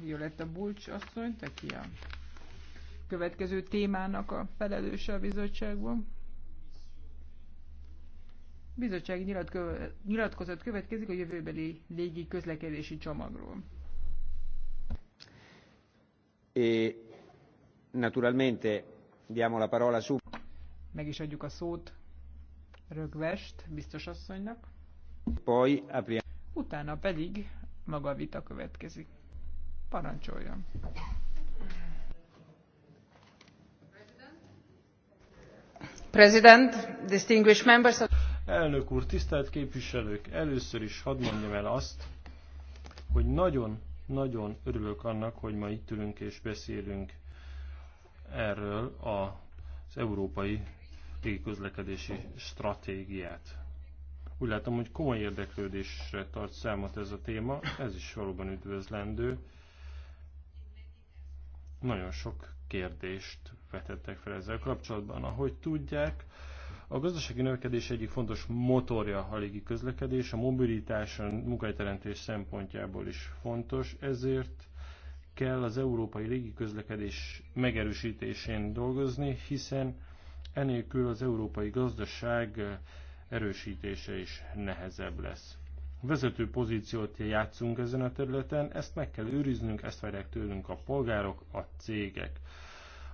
Violetta Bulcs asszonyt, aki a következő témának a felelőse a bizottságban. Bizottság nyilatkozat következik a jövőbeli légi közlekedési csomagról. E, naturalmente diamo la parola su. Meg is adjuk a szót Rögvest, biztos asszonynak. Poi apri- Utána pedig maga a vita következik. Parancsoljon. President, distinguished members of... Elnök úr, tisztelt képviselők, először is hadd mondjam el azt, hogy nagyon-nagyon örülök annak, hogy ma itt ülünk és beszélünk erről az európai légiközlekedési stratégiát. Úgy látom, hogy komoly érdeklődésre tart számot ez a téma, ez is valóban üdvözlendő. Nagyon sok kérdést vetettek fel ezzel kapcsolatban. Ahogy tudják, a gazdasági növekedés egyik fontos motorja a légi közlekedés, a mobilitás, a munkahelyteremtés szempontjából is fontos, ezért kell az európai légiközlekedés megerősítésén dolgozni, hiszen enélkül az európai gazdaság erősítése is nehezebb lesz vezető pozíciót játszunk ezen a területen, ezt meg kell őriznünk, ezt várják tőlünk a polgárok, a cégek.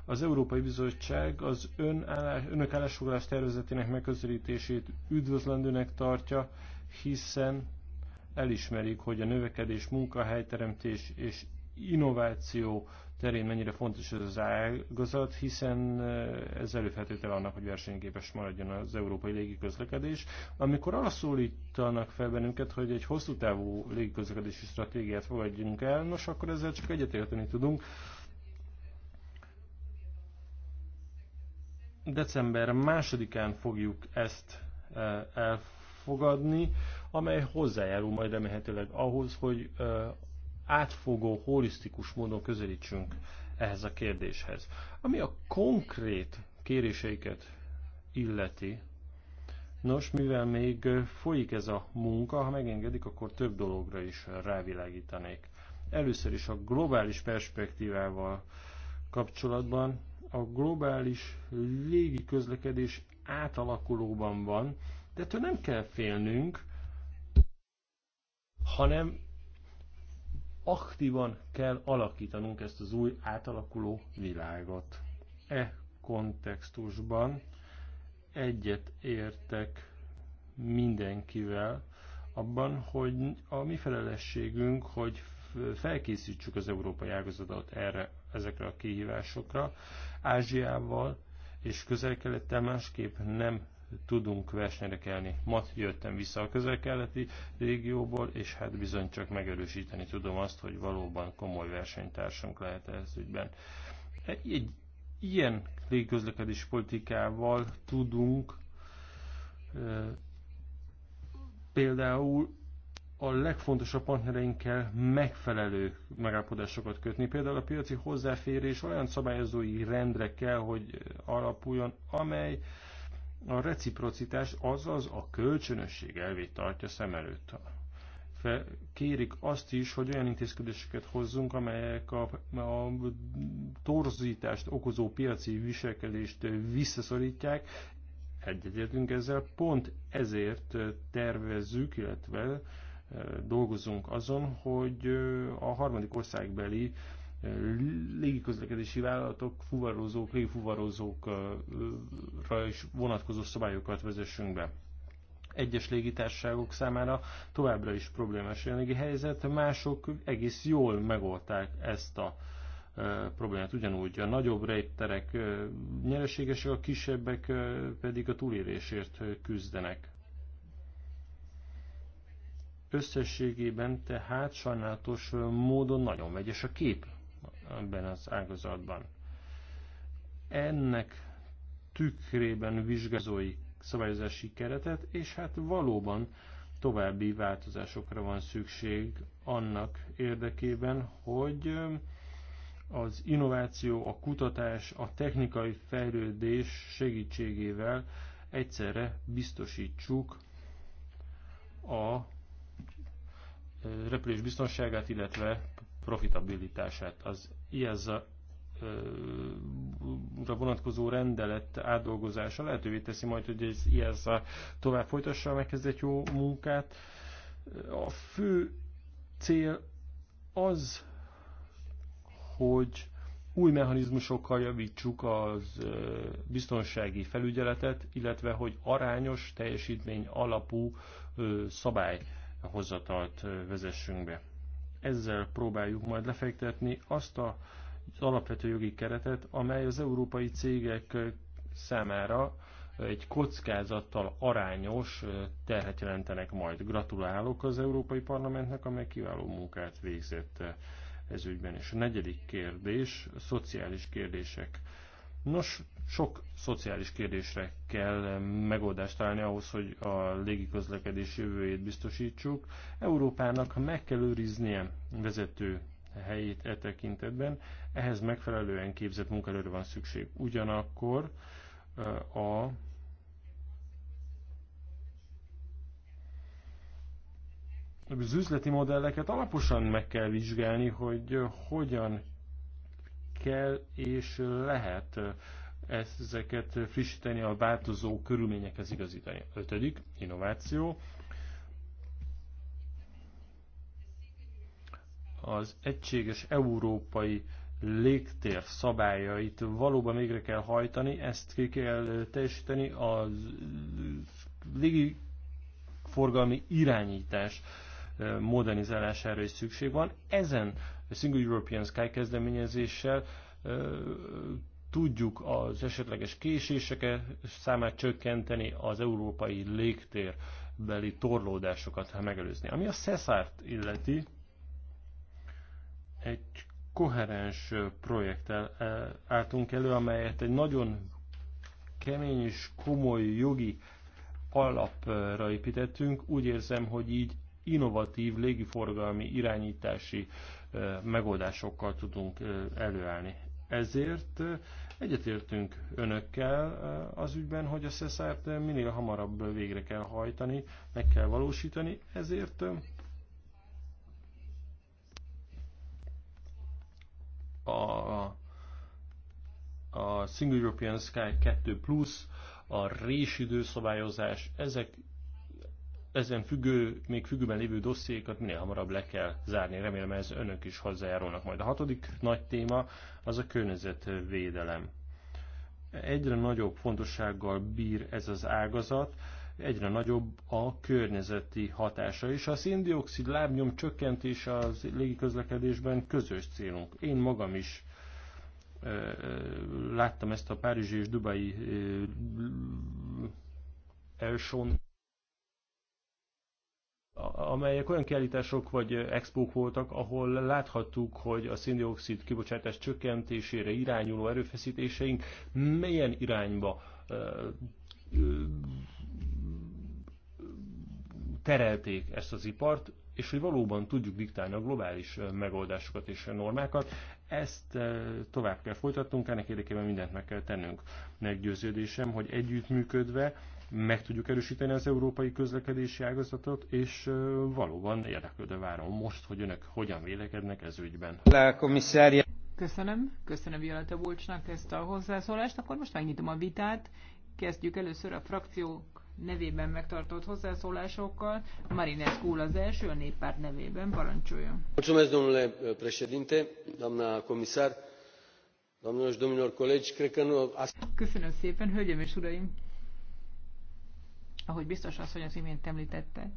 Az Európai Bizottság az ön állás, önök állásfoglalás tervezetének megközelítését üdvözlendőnek tartja, hiszen elismerik, hogy a növekedés, munkahelyteremtés és innováció terén mennyire fontos ez az ágazat, hiszen eh, ez előfeltétele annak, hogy versenyképes maradjon az európai légiközlekedés. Amikor arra szólítanak fel bennünket, hogy egy hosszú távú légiközlekedési stratégiát fogadjunk el, nos akkor ezzel csak egyetérteni tudunk. December másodikán fogjuk ezt eh, elfogadni, amely hozzájárul majd remélhetőleg ahhoz, hogy eh, átfogó, holisztikus módon közelítsünk ehhez a kérdéshez. Ami a konkrét kéréseiket illeti, nos, mivel még folyik ez a munka, ha megengedik, akkor több dologra is rávilágítanék. Először is a globális perspektívával kapcsolatban a globális légi közlekedés átalakulóban van, de ettől nem kell félnünk, hanem Aktívan kell alakítanunk ezt az új átalakuló világot. E kontextusban egyet értek mindenkivel abban, hogy a mi felelősségünk, hogy felkészítsük az európai ágazatot erre, ezekre a kihívásokra. Ázsiával és közel-kelettel másképp nem tudunk versenyre kelni. Ma jöttem vissza a közel-keleti régióból, és hát bizony csak megerősíteni tudom azt, hogy valóban komoly versenytársunk lehet ez ügyben. Egy ilyen légközlekedés politikával tudunk e, például a legfontosabb partnereinkkel megfelelő megállapodásokat kötni. Például a piaci hozzáférés olyan szabályozói rendre kell, hogy alapuljon, amely a reciprocitás azaz a kölcsönösség elvét tartja szem előtt. kérik azt is, hogy olyan intézkedéseket hozzunk, amelyek a, a torzítást okozó piaci viselkedést visszaszorítják. Egyetértünk ezzel, pont ezért tervezzük, illetve eh, dolgozunk azon, hogy eh, a harmadik országbeli légiközlekedési vállalatok, fuvarozók, légifuvarozókra is vonatkozó szabályokat vezessünk be. Egyes légitársaságok számára továbbra is problémás jelenlegi helyzet, mások egész jól megoldták ezt a problémát. Ugyanúgy a nagyobb rejterek nyereségesek, a kisebbek pedig a túlélésért küzdenek. Összességében tehát sajnálatos módon nagyon vegyes a kép ebben az ágazatban. Ennek tükrében vizsgázói szabályozási keretet, és hát valóban további változásokra van szükség annak érdekében, hogy az innováció, a kutatás, a technikai fejlődés segítségével egyszerre biztosítsuk a repülés biztonságát, illetve profitabilitását. Az a vonatkozó rendelet átdolgozása lehetővé teszi majd, hogy ez IAZA tovább folytassa, a megkezdett jó munkát. A fő cél az, hogy új mechanizmusokkal javítsuk az biztonsági felügyeletet, illetve hogy arányos teljesítmény alapú szabályhozatalt vezessünk be ezzel próbáljuk majd lefektetni azt a az alapvető jogi keretet, amely az európai cégek számára egy kockázattal arányos terhet jelentenek majd. Gratulálok az Európai Parlamentnek, amely kiváló munkát végzett ez ügyben. És a negyedik kérdés, a szociális kérdések. Nos, sok szociális kérdésre kell megoldást találni ahhoz, hogy a légiközlekedés jövőjét biztosítsuk. Európának meg kell őriznie vezető helyét e tekintetben, ehhez megfelelően képzett munkaerőre van szükség. Ugyanakkor a az üzleti modelleket alaposan meg kell vizsgálni, hogy hogyan kell és lehet ezeket frissíteni, a változó körülményekhez igazítani. Ötödik, innováció. Az egységes európai légtér szabályait valóban végre kell hajtani, ezt ki kell teljesíteni, a légiforgalmi irányítás modernizálására is szükség van. Ezen a Single European Sky kezdeményezéssel tudjuk az esetleges késéseket számát csökkenteni, az európai légtérbeli torlódásokat megelőzni. Ami a Cesárt illeti, egy koherens projekttel eh, álltunk elő, amelyet egy nagyon kemény és komoly jogi alapra építettünk. Úgy érzem, hogy így innovatív légiforgalmi irányítási eh, megoldásokkal tudunk eh, előállni. Ezért egyetértünk önökkel az ügyben, hogy a szeszárt minél hamarabb végre kell hajtani, meg kell valósítani, ezért a, a Single European Sky 2 Plus, a résidőszabályozás, ezek ezen függő, még függőben lévő dossziékat minél hamarabb le kell zárni. Remélem ez önök is hozzájárulnak majd. A hatodik nagy téma az a környezetvédelem. Egyre nagyobb fontossággal bír ez az ágazat, egyre nagyobb a környezeti hatása, és a széndiokszid lábnyom csökkentése az légiközlekedésben közös célunk. Én magam is láttam ezt a párizsi és dubai elsőn amelyek olyan kiállítások vagy expók voltak, ahol láthattuk, hogy a széndiokszid kibocsátás csökkentésére irányuló erőfeszítéseink milyen irányba terelték ezt az ipart, és hogy valóban tudjuk diktálni a globális megoldásokat és normákat. Ezt tovább kell folytatnunk, ennek érdekében mindent meg kell tennünk. Meggyőződésem, hogy együttműködve meg tudjuk erősíteni az európai közlekedési ágazatot, és valóban érdeklődve várom most, hogy önök hogyan vélekednek ez ügyben. Köszönöm, köszönöm Violeta Bulcsnak ezt a hozzászólást. Akkor most megnyitom a vitát. Kezdjük először a frakciók nevében megtartott hozzászólásokkal. Marines Kúl az első, a néppárt nevében parancsoljon. ez domnule președinte, doamna komisár, domnilor domnilor colegi, cred că nu... Köszönöm szépen, hölgyem és uraim! ahogy biztos hogy az imént említette.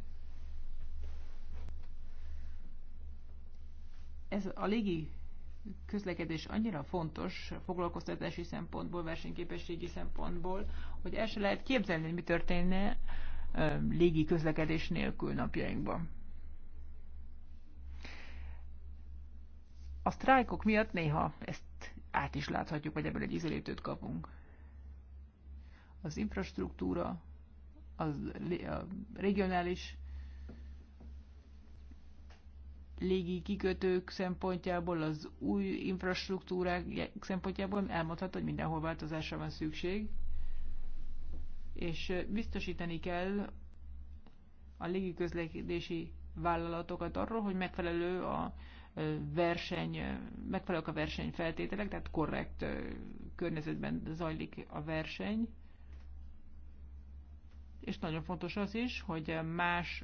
Ez a légi közlekedés annyira fontos foglalkoztatási szempontból, versenyképességi szempontból, hogy el se lehet képzelni, hogy mi történne légi közlekedés nélkül napjainkban. A sztrájkok miatt néha ezt át is láthatjuk, vagy ebből egy ízelítőt kapunk. Az infrastruktúra, az, a regionális légi kikötők szempontjából, az új infrastruktúrák szempontjából elmondható, hogy mindenhol változásra van szükség, és biztosítani kell a légiközlekedési vállalatokat arról, hogy megfelelő a verseny, megfelelők a versenyfeltételek, tehát korrekt környezetben zajlik a verseny, és nagyon fontos az is, hogy más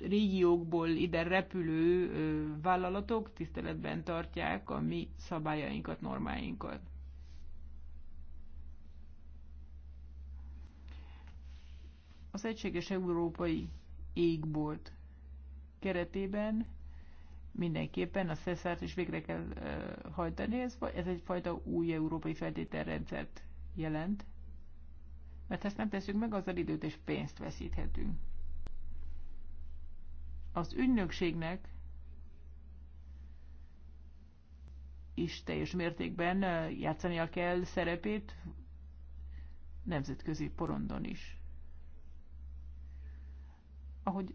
régiókból ide repülő vállalatok tiszteletben tartják a mi szabályainkat, normáinkat. Az Egységes Európai Égbolt keretében mindenképpen a szeszárt is végre kell hajtani, ez, ez egyfajta új európai feltételrendszert jelent. Mert ha ezt nem teszünk meg, azzal időt és pénzt veszíthetünk. Az ügynökségnek is teljes mértékben játszania kell szerepét nemzetközi porondon is. Ahogy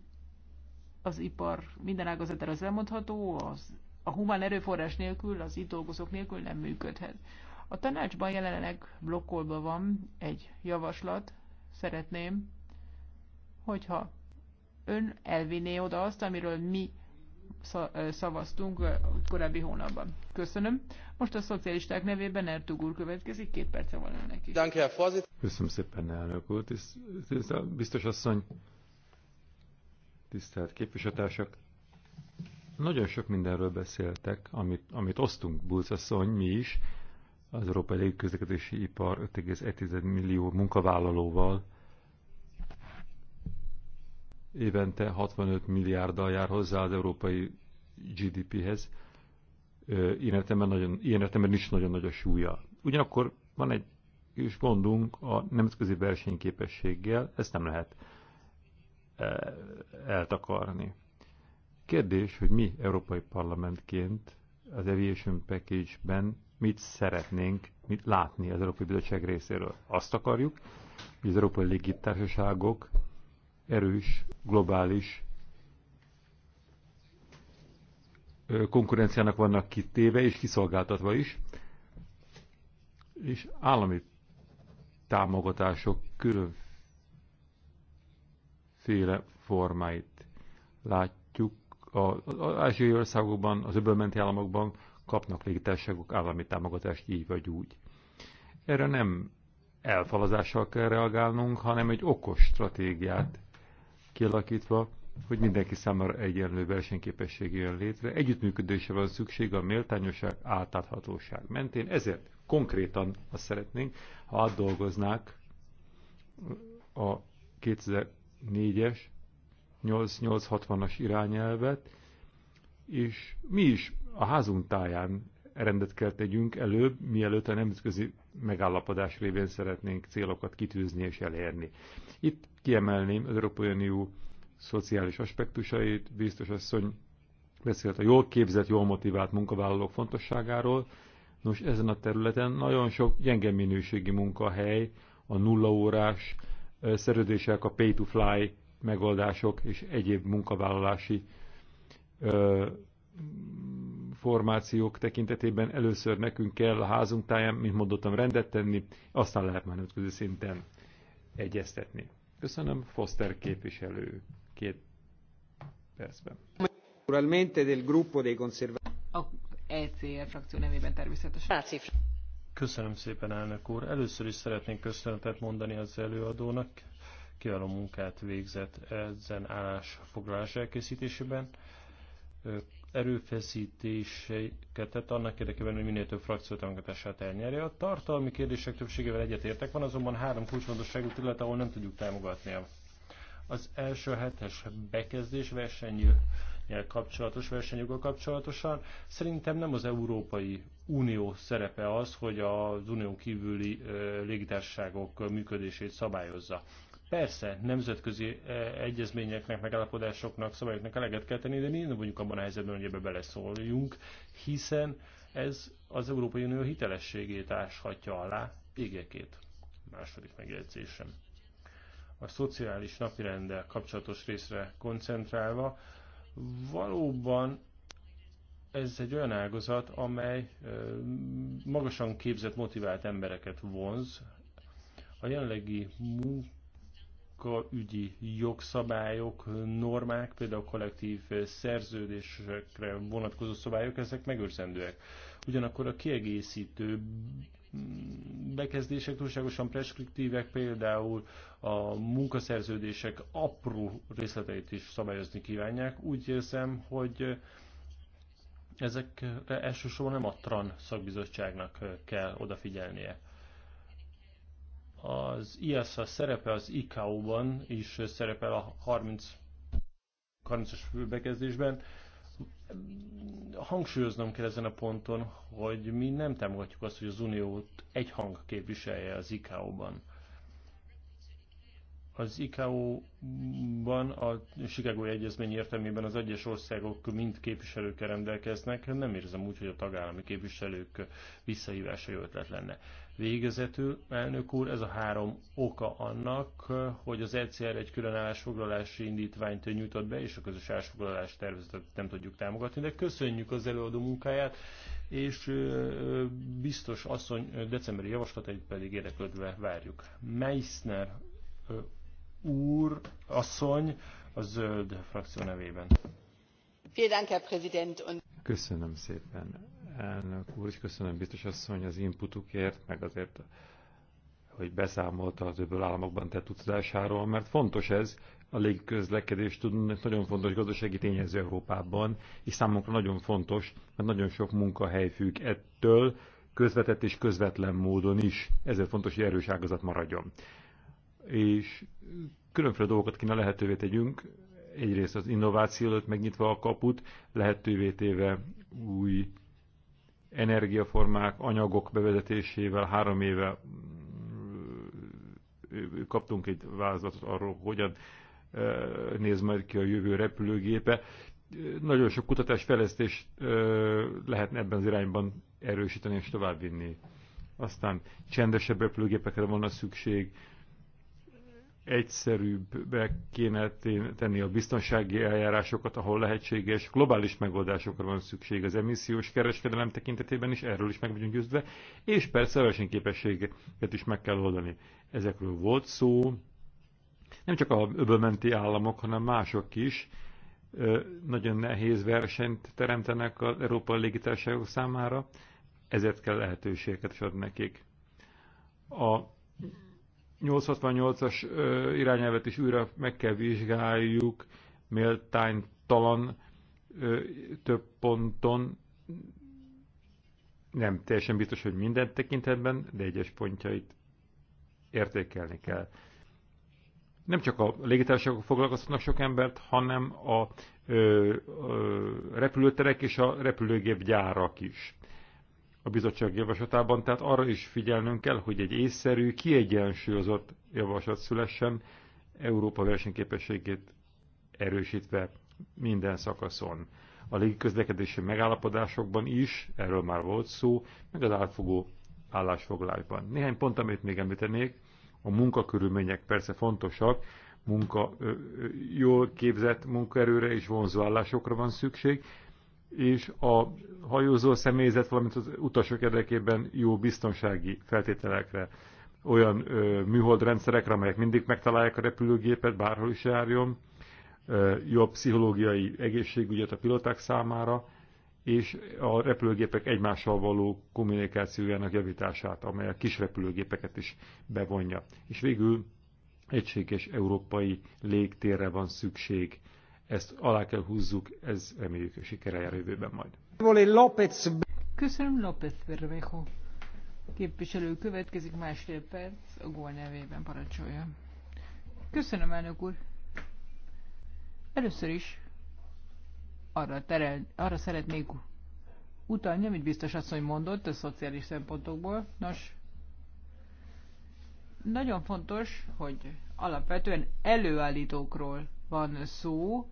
az ipar minden ágazatára az elmondható, az, a humán erőforrás nélkül, az itt dolgozók nélkül nem működhet. A tanácsban jelenleg blokkolva van egy javaslat, szeretném, hogyha ön elvinné oda azt, amiről mi szavaztunk a korábbi hónapban. Köszönöm. Most a szocialisták nevében Ertug úr következik, két perce van önnek is. Köszönöm szépen, elnök úr. biztos asszony, tisztelt képviselőtársak. Nagyon sok mindenről beszéltek, amit, amit osztunk, Bulcasszony, mi is az európai légiközlekedési ipar 5,1 millió munkavállalóval évente 65 milliárddal jár hozzá az európai GDP-hez. Ilyen értelemben, nagyon, ilyen értelemben nincs nagyon nagy a súlya. Ugyanakkor van egy kis gondunk a nemzetközi versenyképességgel, ezt nem lehet eltakarni. Kérdés, hogy mi európai parlamentként az Aviation Package-ben mit szeretnénk mit látni az Európai Bizottság részéről. Azt akarjuk, hogy az Európai Légitársaságok erős, globális konkurenciának vannak kitéve és kiszolgáltatva is, és állami támogatások különféle formáit látjuk. Az ázsiai országokban, az öbölmenti államokban kapnak légitársaságok állami támogatást így vagy úgy. Erre nem elfalazással kell reagálnunk, hanem egy okos stratégiát kialakítva, hogy mindenki számára egyenlő versenyképesség jön létre. Együttműködésre van szükség a méltányosság, átláthatóság mentén. Ezért konkrétan azt szeretnénk, ha átdolgoznák a 2004-es 8860-as irányelvet, és mi is a házunk táján rendet kell tegyünk előbb, mielőtt a nemzetközi megállapodás révén szeretnénk célokat kitűzni és elérni. Itt kiemelném az Európai Unió szociális aspektusait, biztos asszony beszélt a jól képzett, jól motivált munkavállalók fontosságáról. Nos, ezen a területen nagyon sok gyenge minőségi munkahely, a nullaórás szerződések, a pay-to-fly megoldások és egyéb munkavállalási formációk tekintetében először nekünk kell a házunk táján, mint mondottam, rendet tenni, aztán lehet már nemzetközi szinten egyeztetni. Köszönöm, Foster képviselő, két percben. Naturalmente del gruppo dei conservatori. E frakció nevében természetesen. Köszönöm szépen, elnök úr. Először is szeretnék köszönetet mondani az előadónak. Kiváló munkát végzett ezen állásfoglalás elkészítésében erőfeszítéseket tett annak érdekében, hogy minél több frakció támogatását elnyerje. A tartalmi kérdések többségével egyetértek, van azonban három kulcsfontosságú terület, ahol nem tudjuk támogatni. Az első hetes bekezdés versenyjel kapcsolatos, versenyjoggal kapcsolatosan szerintem nem az Európai Unió szerepe az, hogy az Unió kívüli légitársaságok működését szabályozza. Persze, nemzetközi e, egyezményeknek, megállapodásoknak, szabályoknak eleget kell tenni, de mi nem vagyunk abban a helyzetben, hogy ebbe beleszóljunk, hiszen ez az Európai Unió hitelességét áshatja alá égekét. Második megjegyzésem. A szociális napirenddel kapcsolatos részre koncentrálva, valóban ez egy olyan ágazat, amely e, magasan képzett, motivált embereket vonz. A jelenlegi munka munkaügyi jogszabályok, normák, például kollektív szerződésekre vonatkozó szabályok, ezek megőrzendőek. Ugyanakkor a kiegészítő bekezdések túlságosan preskriptívek, például a munkaszerződések apró részleteit is szabályozni kívánják. Úgy érzem, hogy ezekre elsősorban nem a TRAN szakbizottságnak kell odafigyelnie. Az IASA szerepe az ICAO-ban is szerepel a 30, 30-as Hangsúlyoznom kell ezen a ponton, hogy mi nem támogatjuk azt, hogy az Uniót egy hang képviselje az ICAO-ban az ICAO-ban a Chicago Egyezmény értelmében az egyes országok mind képviselőkkel rendelkeznek, nem érzem úgy, hogy a tagállami képviselők visszahívása ötlet lenne. Végezetül, elnök úr, ez a három oka annak, hogy az ECR egy külön állásfoglalási indítványt nyújtott be, és a közös állásfoglalás tervezetet nem tudjuk támogatni, de köszönjük az előadó munkáját, és biztos asszony decemberi javaslatait pedig érdeklődve várjuk. Meissner úr, asszony, a zöld frakció nevében. Köszönöm szépen, elnök úr, és köszönöm biztos asszony az inputukért, meg azért, hogy beszámolta az öböl államokban tett utazásáról, mert fontos ez, a légiközlekedés tudnak nagyon fontos gazdasági tényező Európában, és számunkra nagyon fontos, mert nagyon sok munkahely függ ettől, közvetett és közvetlen módon is, ezért fontos, hogy erős ágazat maradjon és különféle dolgokat kéne lehetővé tegyünk, egyrészt az innováció előtt megnyitva a kaput, lehetővé téve új energiaformák, anyagok bevezetésével három éve mm, kaptunk egy vázlatot arról, hogyan néz majd ki a jövő repülőgépe. Nagyon sok kutatás, fejlesztés lehetne ebben az irányban erősíteni és továbbvinni. Aztán csendesebb repülőgépekre van a szükség, egyszerűbbbe kéne tenni a biztonsági eljárásokat, ahol lehetséges globális megoldásokra van szükség az emissziós kereskedelem tekintetében is, erről is meg vagyunk győzve, és persze a versenyképességet is meg kell oldani. Ezekről volt szó, nem csak a öbölmenti államok, hanem mások is nagyon nehéz versenyt teremtenek az európai légitársaságok számára, ezért kell lehetőséget is adni nekik. A 868-as irányelvet is újra meg kell vizsgáljuk, méltánytalan több ponton, nem teljesen biztos, hogy minden tekintetben, de egyes pontjait értékelni kell. Nem csak a légitársaságok foglalkoztatnak sok embert, hanem a ö, ö, repülőterek és a repülőgép gyárak is a bizottság javaslatában, tehát arra is figyelnünk kell, hogy egy észszerű, kiegyensúlyozott javaslat szülessen, Európa versenyképességét erősítve minden szakaszon. A légiközlekedési megállapodásokban is, erről már volt szó, meg az átfogó állásfoglalásban. Néhány pont, amit még említenék, a munkakörülmények persze fontosak, munka, jól képzett munkaerőre és vonzó állásokra van szükség, és a hajózó személyzet, valamint az utasok érdekében jó biztonsági feltételekre, olyan ö, műholdrendszerekre, amelyek mindig megtalálják a repülőgépet, bárhol is járjon, ö, jobb pszichológiai egészségügyet a piloták számára, és a repülőgépek egymással való kommunikációjának javítását, amely a kis repülőgépeket is bevonja. És végül egységes európai légtérre van szükség ezt alá kell húzzuk, ez reméljük sikere jár jövőben majd. Köszönöm, López Bermejo. Képviselő következik másfél perc, a gól nevében parancsolja. Köszönöm, elnök úr. Először is arra, terel, arra szeretnék utalni, amit biztos asszony mondott a szociális szempontokból. Nos, nagyon fontos, hogy alapvetően előállítókról van szó,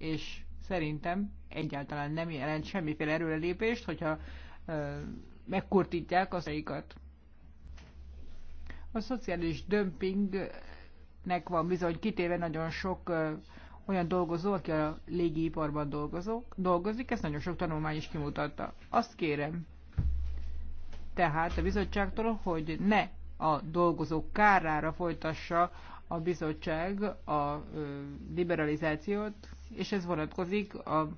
és szerintem egyáltalán nem jelent semmiféle erőrelépést, hogyha megkurtítják az aikat. A szociális dömpingnek van bizony kitéve nagyon sok olyan dolgozó, aki a légiiparban dolgozik, ezt nagyon sok tanulmány is kimutatta. Azt kérem tehát a bizottságtól, hogy ne a dolgozók kárára folytassa a bizottság a liberalizációt, és ez vonatkozik a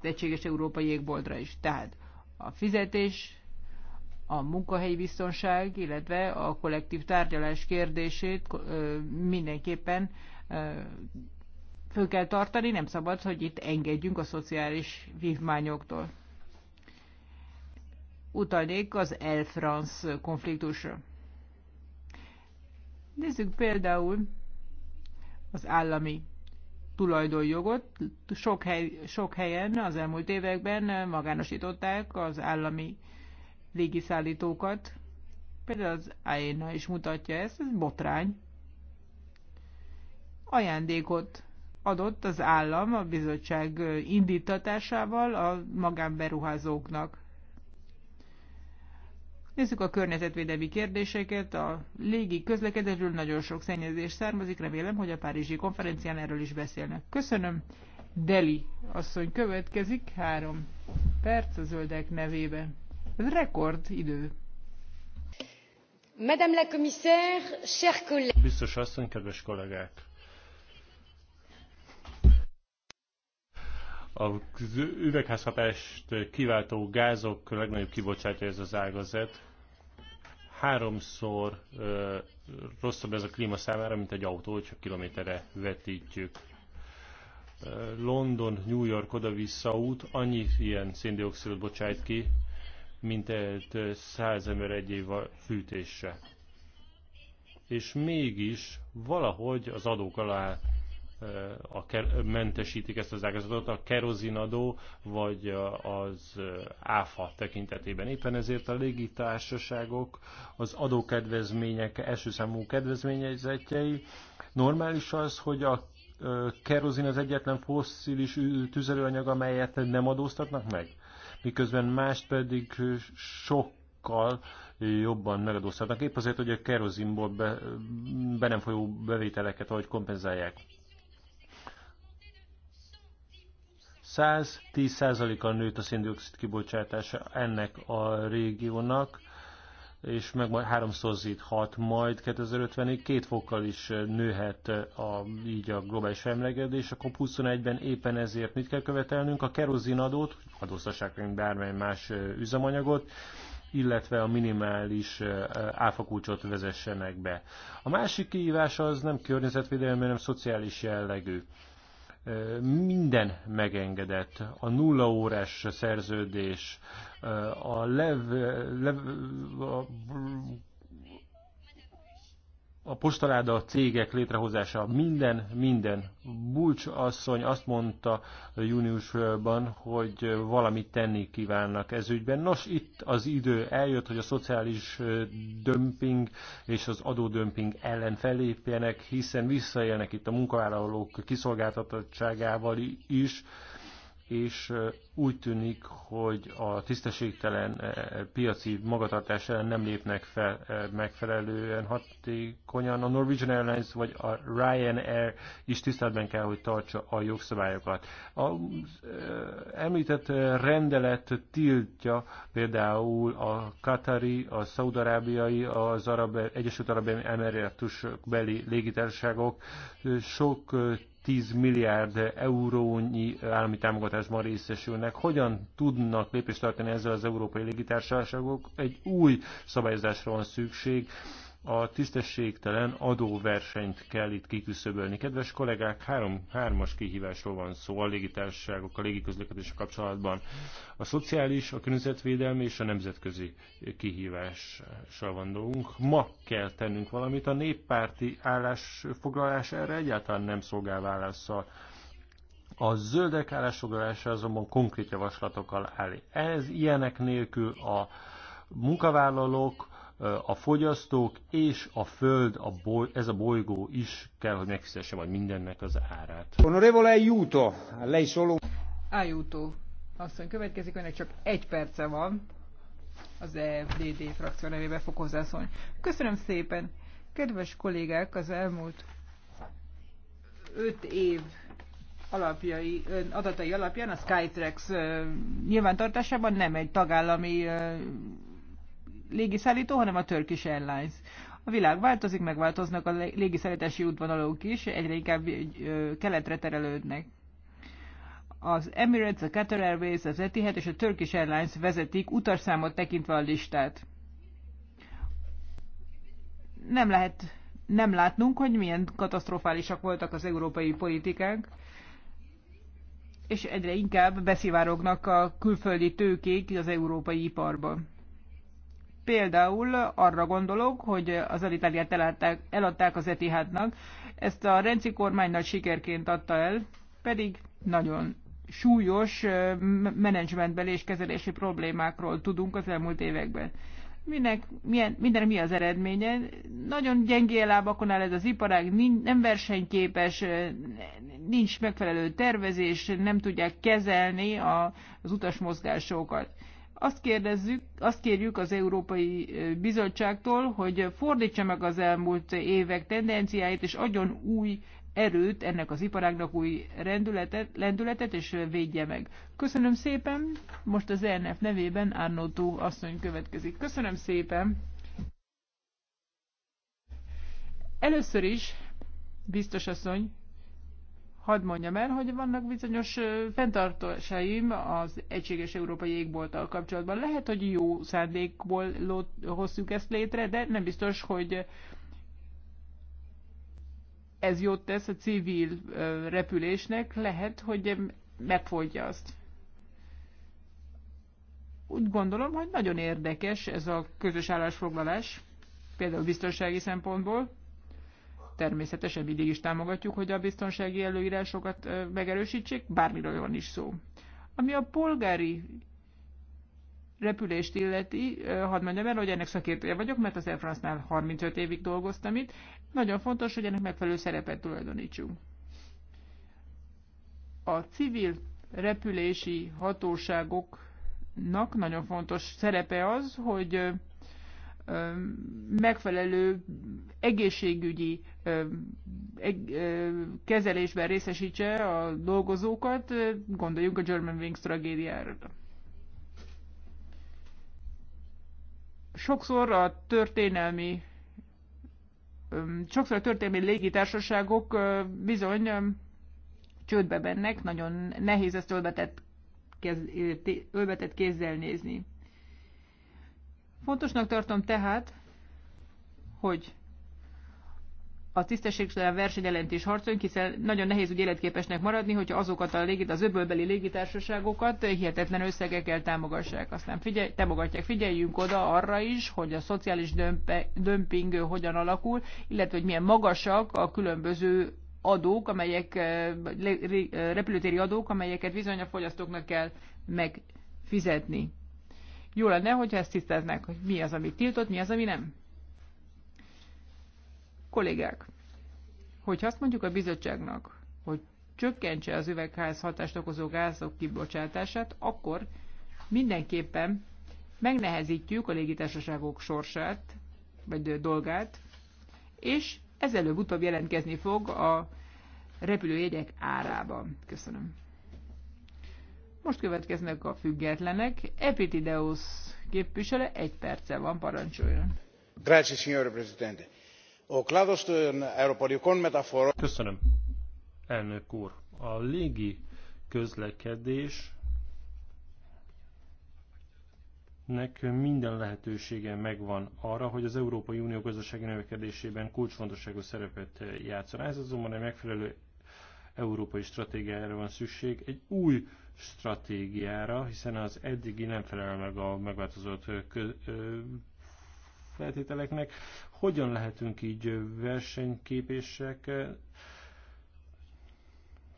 egységes európai égboltra is. Tehát a fizetés, a munkahelyi biztonság, illetve a kollektív tárgyalás kérdését mindenképpen föl kell tartani, nem szabad, hogy itt engedjünk a szociális vívmányoktól. Utalnék az El France konfliktusra. Nézzük például az állami tulajdonjogot. Sok, hely, sok helyen az elmúlt években magánosították az állami légiszállítókat. Például az AENA is mutatja ezt, ez botrány. Ajándékot adott az állam a bizottság indítatásával a magánberuházóknak. Nézzük a környezetvédelmi kérdéseket. A légi közlekedésről nagyon sok szennyezés származik. Remélem, hogy a Párizsi konferencián erről is beszélnek. Köszönöm. Deli asszony következik. Három perc a zöldek nevében. Ez rekord idő. Madame la commissaire, chers collègues. Biztos asszony, kedves kollégák. a üvegházhatást kiváltó gázok legnagyobb kibocsátja ez az ágazat háromszor ö, rosszabb ez a klíma számára, mint egy autó, hogyha kilométerre vetítjük. London, New York oda-vissza út annyi ilyen széndiokszidot bocsájt ki, mint egy száz ember egy év a fűtésre. És mégis valahogy az adók alá a, mentesítik ezt az ágazatot a kerozinadó vagy az áfa tekintetében. Éppen ezért a légitársaságok az adókedvezmények elsőszámú kedvezményezetjei. Normális az, hogy a kerozin az egyetlen fosszilis tüzelőanyag, amelyet nem adóztatnak meg, miközben mást pedig sokkal jobban megadóztatnak, épp azért, hogy a kerozinból be, be nem folyó bevételeket ahogy kompenzálják. 110%-kal nőtt a széndiokszid kibocsátása ennek a régiónak, és meg majd háromszorozíthat majd 2050-ig, két fokkal is nőhet a, így a globális felmelegedés, akkor 21-ben éppen ezért mit kell követelnünk? A kerozinadót, adóztassák meg bármely más üzemanyagot, illetve a minimális áfakulcsot vezessenek be. A másik kihívás az nem környezetvédelmi, hanem szociális jellegű minden megengedett, a nulla órás szerződés, a, lev, lev, a a postaláda cégek létrehozása minden, minden. Bulcs asszony azt mondta júniusban, hogy valamit tenni kívánnak ez ügyben. Nos, itt az idő eljött, hogy a szociális dömping és az adódömping ellen fellépjenek, hiszen visszaélnek itt a munkavállalók kiszolgáltatottságával is és úgy tűnik, hogy a tisztességtelen piaci magatartás ellen nem lépnek fel megfelelően hatékonyan. A Norwegian Airlines vagy a Ryanair is tiszteletben kell, hogy tartsa a jogszabályokat. A említett rendelet tiltja például a katari, a szaudarábiai, az arab, Egyesült Arab Emirátus beli légitársaságok sok 10 milliárd eurónyi állami támogatásban részesülnek. Hogyan tudnak lépést tartani ezzel az európai légitársaságok? Egy új szabályozásra van szükség a tisztességtelen adóversenyt kell itt kiküszöbölni. Kedves kollégák, három, hármas kihívásról van szó a légitársaságok, a légiközlekedés kapcsolatban. A szociális, a környezetvédelmi és a nemzetközi kihívással van dolgunk. Ma kell tennünk valamit, a néppárti állásfoglalás erre egyáltalán nem szolgál válaszsal. A zöldek állásfoglalása azonban konkrét javaslatokkal áll. Ez ilyenek nélkül a munkavállalók, a fogyasztók és a föld, a boly, ez a bolygó is kell, hogy megfizesse majd mindennek az árát. Honorevole Aiuto, lei solo... azt mondja, következik, önnek csak egy perce van. Az EFDD frakció nevében fog hozzászólni. Köszönöm szépen. Kedves kollégák, az elmúlt öt év alapjai, adatai alapján a Skytrax nyilvántartásában nem egy tagállami légiszállító, hanem a Turkish Airlines. A világ változik, megváltoznak a légiszállítási útvonalok is, egyre inkább keletre terelődnek. Az Emirates, a Qatar Airways, az Etihad és a Turkish Airlines vezetik utasszámot tekintve a listát. Nem lehet nem látnunk, hogy milyen katasztrofálisak voltak az európai politikánk, és egyre inkább beszivárognak a külföldi tőkék az európai iparba. Például arra gondolok, hogy az Alitáliát eladták, eladták az Etihadnak. Ezt a Renci kormány nagy sikerként adta el, pedig nagyon súlyos menedzsmentbeli és kezelési problémákról tudunk az elmúlt években. Minek, milyen, minden mi az eredménye? Nagyon gyengé lábakon áll ez az iparág, nem versenyképes, nincs megfelelő tervezés, nem tudják kezelni a, az utasmozgásokat. Azt, kérdezzük, azt kérjük az Európai Bizottságtól, hogy fordítsa meg az elmúlt évek tendenciáit, és adjon új erőt ennek az iparágnak új rendületet, lendületet, és védje meg. Köszönöm szépen, most az ENF nevében Árnótó asszony következik. Köszönöm szépen! Először is, biztos asszony, Hadd mondjam el, hogy vannak bizonyos fenntartásaim az egységes európai égbolttal kapcsolatban. Lehet, hogy jó szándékból hoztuk ezt létre, de nem biztos, hogy ez jót tesz a civil repülésnek, lehet, hogy megfogja azt. Úgy gondolom, hogy nagyon érdekes ez a közös állásfoglalás, például biztonsági szempontból természetesen mindig is támogatjuk, hogy a biztonsági előírásokat megerősítsék, bármiről van is szó. Ami a polgári repülést illeti, hadd mondjam el, hogy ennek szakértője vagyok, mert az Air France-nál 35 évig dolgoztam itt. Nagyon fontos, hogy ennek megfelelő szerepet tulajdonítsunk. A civil repülési hatóságoknak nagyon fontos szerepe az, hogy megfelelő egészségügyi kezelésben részesítse a dolgozókat, gondoljunk a Wings tragédiára. Sokszor a történelmi sokszor a történelmi légitársaságok bizony csődbe bennek, nagyon nehéz ezt ölbetett, kez, ölbetett kézzel nézni. Fontosnak tartom tehát, hogy a tisztességtelen versenyjelentés harcoljunk, hiszen nagyon nehéz úgy életképesnek maradni, hogyha azokat a légit, az öbölbeli légitársaságokat hihetetlen összegekkel támogassák. Aztán figyelj, támogatják, figyeljünk oda arra is, hogy a szociális dömpe, dömping hogyan alakul, illetve hogy milyen magasak a különböző adók, amelyek, eh, eh, repülőtéri adók, amelyeket bizony a fogyasztóknak kell megfizetni. Jó lenne, hogyha ezt tisztáznák, hogy mi az, ami tiltott, mi az, ami nem. Kollégák, hogyha azt mondjuk a bizottságnak, hogy csökkentse az üvegház hatást okozó gázok kibocsátását, akkor mindenképpen megnehezítjük a légitársaságok sorsát, vagy dolgát, és ez előbb-utóbb jelentkezni fog a repülőjegyek árában. Köszönöm. Most következnek a függetlenek. Epitideus képviselő, egy perce van, parancsoljon. Grazie, signore Presidente. A klados των αεροπορικών Köszönöm, elnök úr. A légi közlekedés nek minden lehetősége megvan arra, hogy az Európai Unió gazdasági növekedésében kulcsfontosságú szerepet játszon. Ez azonban egy megfelelő európai stratégiára van szükség. Egy új stratégiára, hiszen az eddigi nem felel meg a megváltozott feltételeknek. Hogyan lehetünk így versenyképések?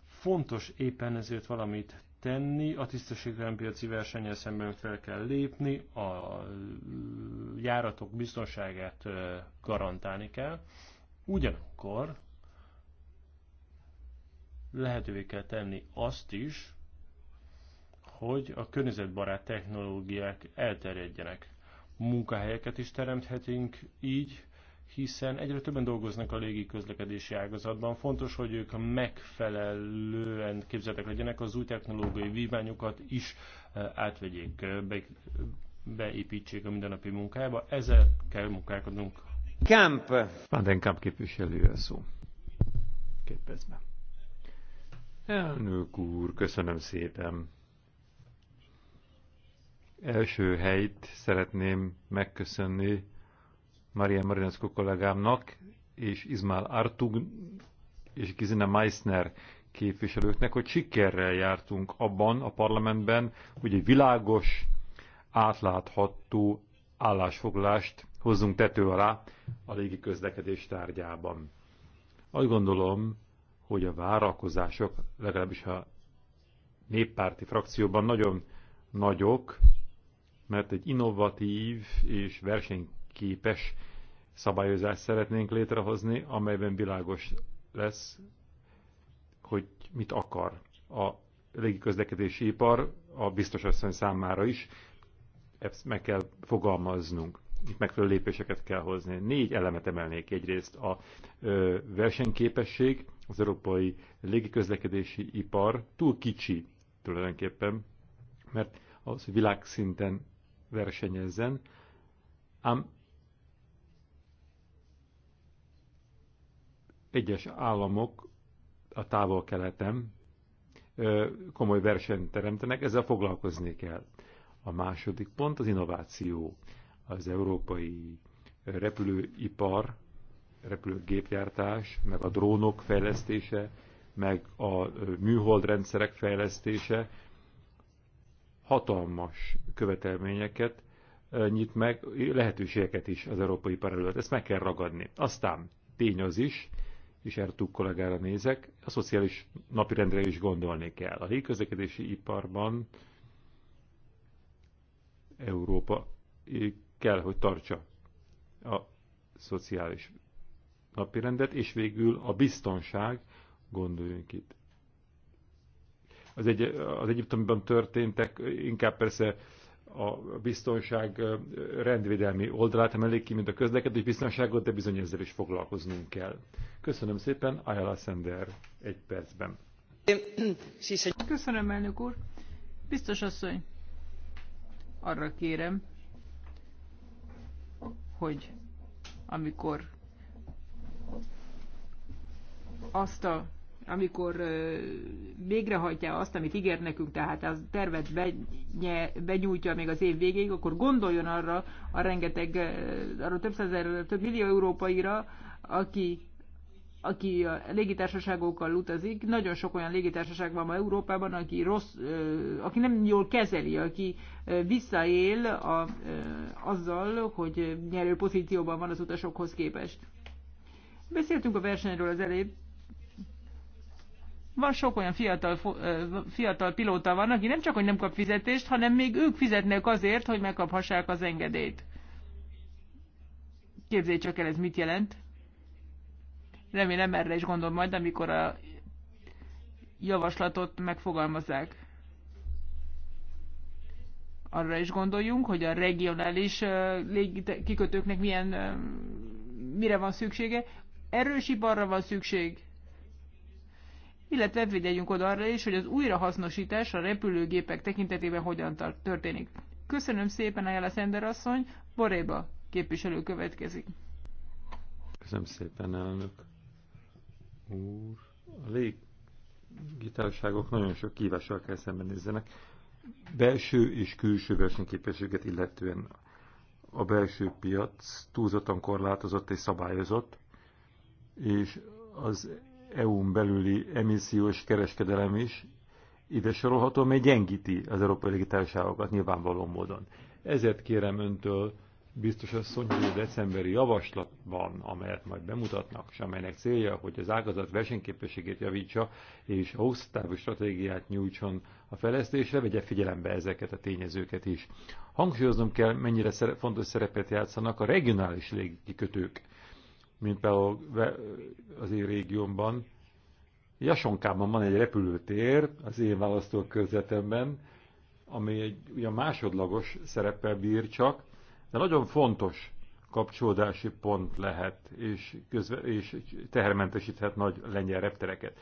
Fontos éppen ezért valamit tenni, a tisztességtelen piaci versenyel szemben fel kell lépni, a járatok biztonságát garantálni kell. Ugyanakkor lehetővé kell tenni azt is, hogy a környezetbarát technológiák elterjedjenek. Munkahelyeket is teremthetünk így, hiszen egyre többen dolgoznak a légi közlekedési ágazatban. Fontos, hogy ők megfelelően képzetek legyenek, az új technológiai vívmányokat is eh, átvegyék, eh, be, beépítsék a mindennapi munkába. Ezzel kell munkálkodnunk. Kemp! Vanden Kemp képviselő a szó. Két percben. Elnök úr, köszönöm szépen. Első helyt szeretném megköszönni Maria Marinescu kollégámnak és Izmál Artug és Gizina Meissner képviselőknek, hogy sikerrel jártunk abban a parlamentben, hogy egy világos, átlátható állásfoglalást hozzunk tető alá a légi közlekedés tárgyában. Azt gondolom, hogy a várakozások, legalábbis a néppárti frakcióban nagyon nagyok, mert egy innovatív és versenyképes szabályozást szeretnénk létrehozni, amelyben világos lesz, hogy mit akar a légiközlekedési ipar a biztos asszony számára is. Ezt meg kell fogalmaznunk. Itt megfelelő lépéseket kell hozni. Négy elemet emelnék egyrészt. A ö, versenyképesség, az európai légiközlekedési ipar túl kicsi tulajdonképpen, mert az világszinten versenyezzen, ám egyes államok a távol-keleten komoly versenyt teremtenek, ezzel foglalkozni kell. A második pont az innováció. Az európai repülőipar, repülőgépjártás, meg a drónok fejlesztése, meg a műholdrendszerek fejlesztése hatalmas követelményeket nyit meg, lehetőségeket is az európai paralőt. Ezt meg kell ragadni. Aztán tény az is, és Ertug kollégára nézek, a szociális napirendre is gondolni kell. A légközlekedési iparban Európa kell, hogy tartsa a szociális napirendet, és végül a biztonság, gondoljunk itt az, egy, az Egyiptomban történtek, inkább persze a biztonság rendvédelmi oldalát emelik ki, mint a közlekedés biztonságot, de bizony ezzel is foglalkoznunk kell. Köszönöm szépen, Ayala Sender egy percben. Köszönöm, elnök úr. Biztos asszony, arra kérem, hogy amikor azt a amikor végrehajtja azt, amit ígér nekünk, tehát a tervet benyújtja még az év végéig, akkor gondoljon arra a rengeteg, arra több százer, több millió európaira, aki aki a légitársaságokkal utazik, nagyon sok olyan légitársaság van ma Európában, aki, rossz, aki nem jól kezeli, aki visszaél a, azzal, hogy nyerő pozícióban van az utasokhoz képest. Beszéltünk a versenyről az elején, van sok olyan fiatal, fiatal pilóta van, aki nem csak, hogy nem kap fizetést, hanem még ők fizetnek azért, hogy megkaphassák az engedélyt. Képzeljék csak el, ez mit jelent. Remélem erre is gondol majd, amikor a javaslatot megfogalmazzák. Arra is gondoljunk, hogy a regionális kikötőknek milyen, mire van szüksége. Erős iparra van szükség, illetve figyeljünk oda arra is, hogy az újrahasznosítás a repülőgépek tekintetében hogyan történik. Köszönöm szépen, Ajala Szender asszony, Boréba képviselő következik. Köszönöm szépen, elnök úr. A légitárságok nagyon sok kívással kell szembenézzenek. Belső és külső versenyképességet illetően a belső piac túlzottan korlátozott és szabályozott, és az EU-n belüli emissziós kereskedelem is ide sorolható, mely gyengíti az európai légitársaságokat nyilvánvaló módon. Ezért kérem öntől, biztos hogy a decemberi javaslatban, amelyet majd bemutatnak, és amelynek célja, hogy az ágazat versenyképességét javítsa, és a távú stratégiát nyújtson a fejlesztésre, vegye figyelembe ezeket a tényezőket is. Hangsúlyoznom kell, mennyire fontos szerepet játszanak a regionális légikötők mint például az én régiómban. Jasonkában van egy repülőtér az én választókörzetemben, ami egy ugyan másodlagos szereppel bír csak, de nagyon fontos kapcsolódási pont lehet, és, közve, és tehermentesíthet nagy lengyel reptereket.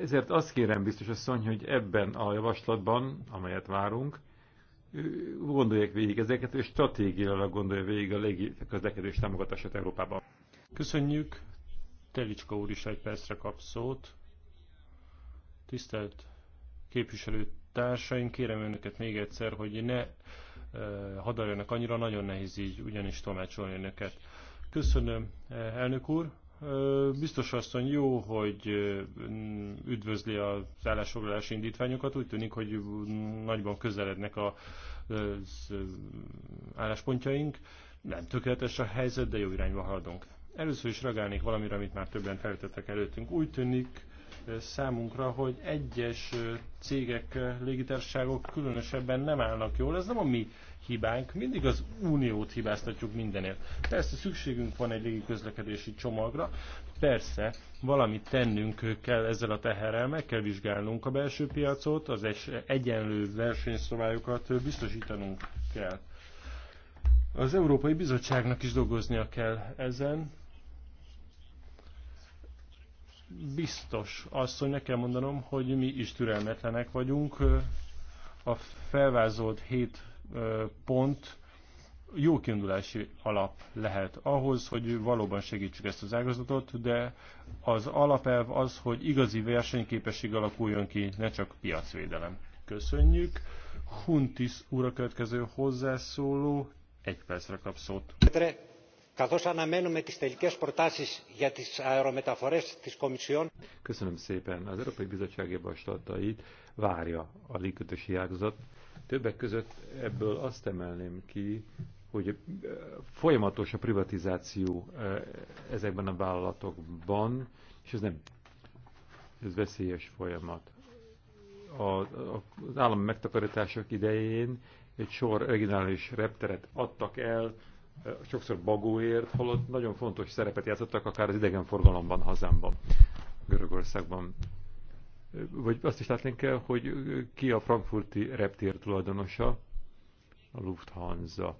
Ezért azt kérem biztos asszony, hogy ebben a javaslatban, amelyet várunk, gondolják végig ezeket, és stratégiailag gondolja végig a légi közlekedés támogatását Európában. Köszönjük. Telicska úr is egy percre kap szót. Tisztelt képviselőtársaim, kérem önöket még egyszer, hogy ne eh, hadarjanak annyira, nagyon nehéz így ugyanis tolmácsolni önöket. Köszönöm, eh, elnök úr. Eh, biztos asszony, jó, hogy üdvözli az állásfoglalási indítványokat. Úgy tűnik, hogy nagyban közelednek az álláspontjaink. Nem tökéletes a helyzet, de jó irányba haladunk. Először is reagálnék valamire, amit már többen feltettek előttünk. Úgy tűnik számunkra, hogy egyes cégek, légitársaságok különösebben nem állnak jól. Ez nem a mi hibánk, mindig az uniót hibáztatjuk mindenért. Persze szükségünk van egy légiközlekedési csomagra, persze valamit tennünk kell ezzel a teherrel, meg kell vizsgálnunk a belső piacot, az egyenlő versenyszabályokat biztosítanunk kell. Az Európai Bizottságnak is dolgoznia kell ezen, biztos azt, hogy meg kell mondanom, hogy mi is türelmetlenek vagyunk. A felvázolt hét pont jó kiindulási alap lehet ahhoz, hogy valóban segítsük ezt az ágazatot, de az alapelv az, hogy igazi versenyképesség alakuljon ki, ne csak piacvédelem. Köszönjük. Huntis úr a következő hozzászóló, egy percre kap szót καθώς αναμένουμε τις τελικές προτάσεις για τις αερομεταφορές της Κομισιόν. Köszönöm szépen. Az Európai Bizottság javaslatait várja a légkötési ágazat. Többek között ebből azt emelném ki, hogy folyamatos a privatizáció eh, ezekben a vállalatokban, és ez nem ez veszélyes folyamat. A, a, az állami megtakarítások idején egy sor regionális repteret adtak el, sokszor bagóért, holott nagyon fontos szerepet játszottak akár az idegenforgalomban hazámban, Görögországban. Vagy azt is látni kell, hogy ki a frankfurti reptér tulajdonosa, a Lufthansa.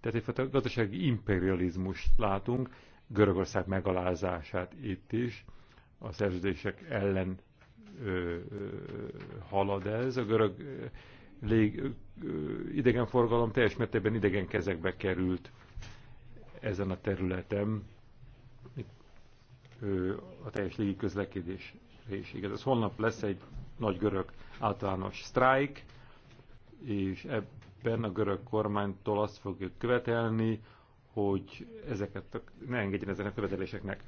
Tehát egyfajta gazdasági imperializmust látunk, Görögország megalázását itt is, a szerződések ellen ö, ö, halad ez, a görög lég, ö, idegenforgalom teljes mértékben idegen kezekbe került ezen a területen a teljes légi közlekedésre is igaz. Ez holnap lesz egy nagy görög általános sztrájk, és ebben a görög kormánytól azt fogjuk követelni, hogy ezeket ne engedjen ezen a követeléseknek.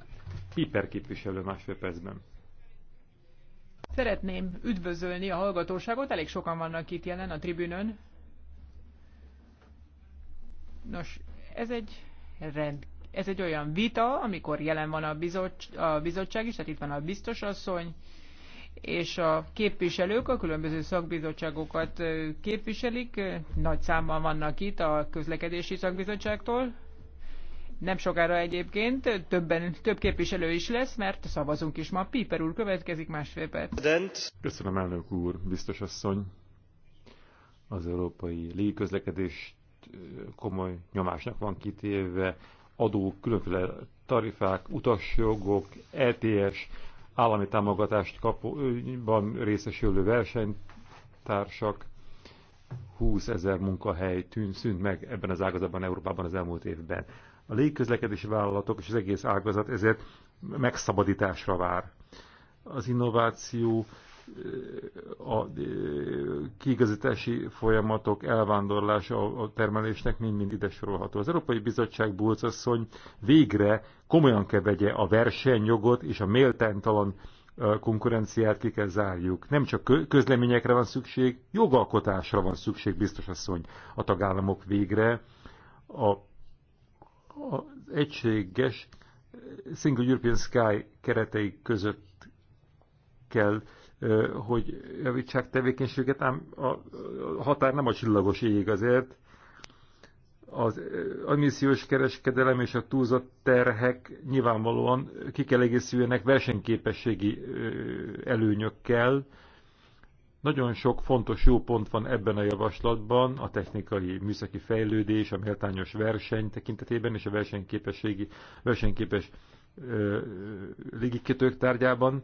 Piper képviselő másfél percben. Szeretném üdvözölni a hallgatóságot, elég sokan vannak itt jelen a tribünön. Nos, ez egy rend, ez egy olyan vita, amikor jelen van a, bizot, a bizottság is, tehát itt van a biztosasszony, és a képviselők a különböző szakbizottságokat képviselik, nagy számban vannak itt a közlekedési szakbizottságtól, nem sokára egyébként többen, több képviselő is lesz, mert szavazunk is ma. Piper úr következik másfél perc. Köszönöm elnök úr, biztosasszony Az Európai közlekedés komoly nyomásnak van kitéve, adók, különféle tarifák, utasjogok, ETS, állami támogatást kapóban részesülő versenytársak, 20 ezer munkahely tűnt, szűnt meg ebben az ágazatban Európában az elmúlt évben. A légközlekedési vállalatok és az egész ágazat ezért megszabadításra vár. Az innováció a kiigazítási folyamatok elvándorlása a termelésnek mind-mind ide sorolható. Az Európai Bizottság bulcasszony végre komolyan kell vegye a versenyjogot és a méltánytalan konkurenciát ki kell zárjuk. Nem csak közleményekre van szükség, jogalkotásra van szükség, biztos asszony. A tagállamok végre a, a egységes Single European Sky keretei között kell hogy javítsák tevékenységet, ám a határ nem a csillagos ég azért. Az emissziós kereskedelem és a túlzott terhek nyilvánvalóan ki kell egészüljenek versenyképességi előnyökkel. Nagyon sok fontos jó pont van ebben a javaslatban, a technikai műszaki fejlődés, a méltányos verseny tekintetében és a versenyképességi, versenyképes légikötők tárgyában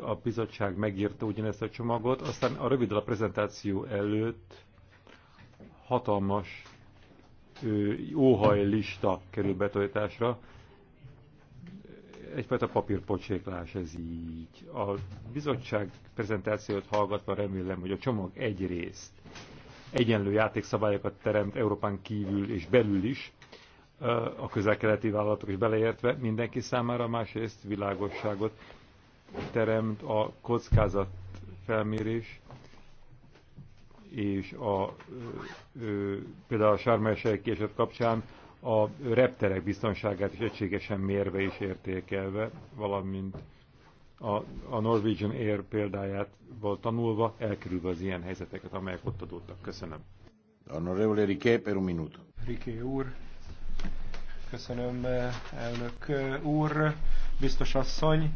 a bizottság megírta ugyanezt a csomagot, aztán a rövid a prezentáció előtt hatalmas óhajlista kerül betöltésre. Egyfajta papírpocséklás ez így. A bizottság prezentációt hallgatva remélem, hogy a csomag egyrészt egyenlő játékszabályokat teremt Európán kívül és belül is, a közel-keleti vállalatok is beleértve mindenki számára, másrészt világosságot teremt a kockázat felmérés, és a, ö, például a sármelyesek eset kapcsán a repterek biztonságát is egységesen mérve és értékelve, valamint a, a Norwegian Air példáját tanulva, elkerülve az ilyen helyzeteket, amelyek ott adódtak. Köszönöm. Honorable Riké, per un minuto. úr, köszönöm eh, elnök eh, úr, biztos asszony.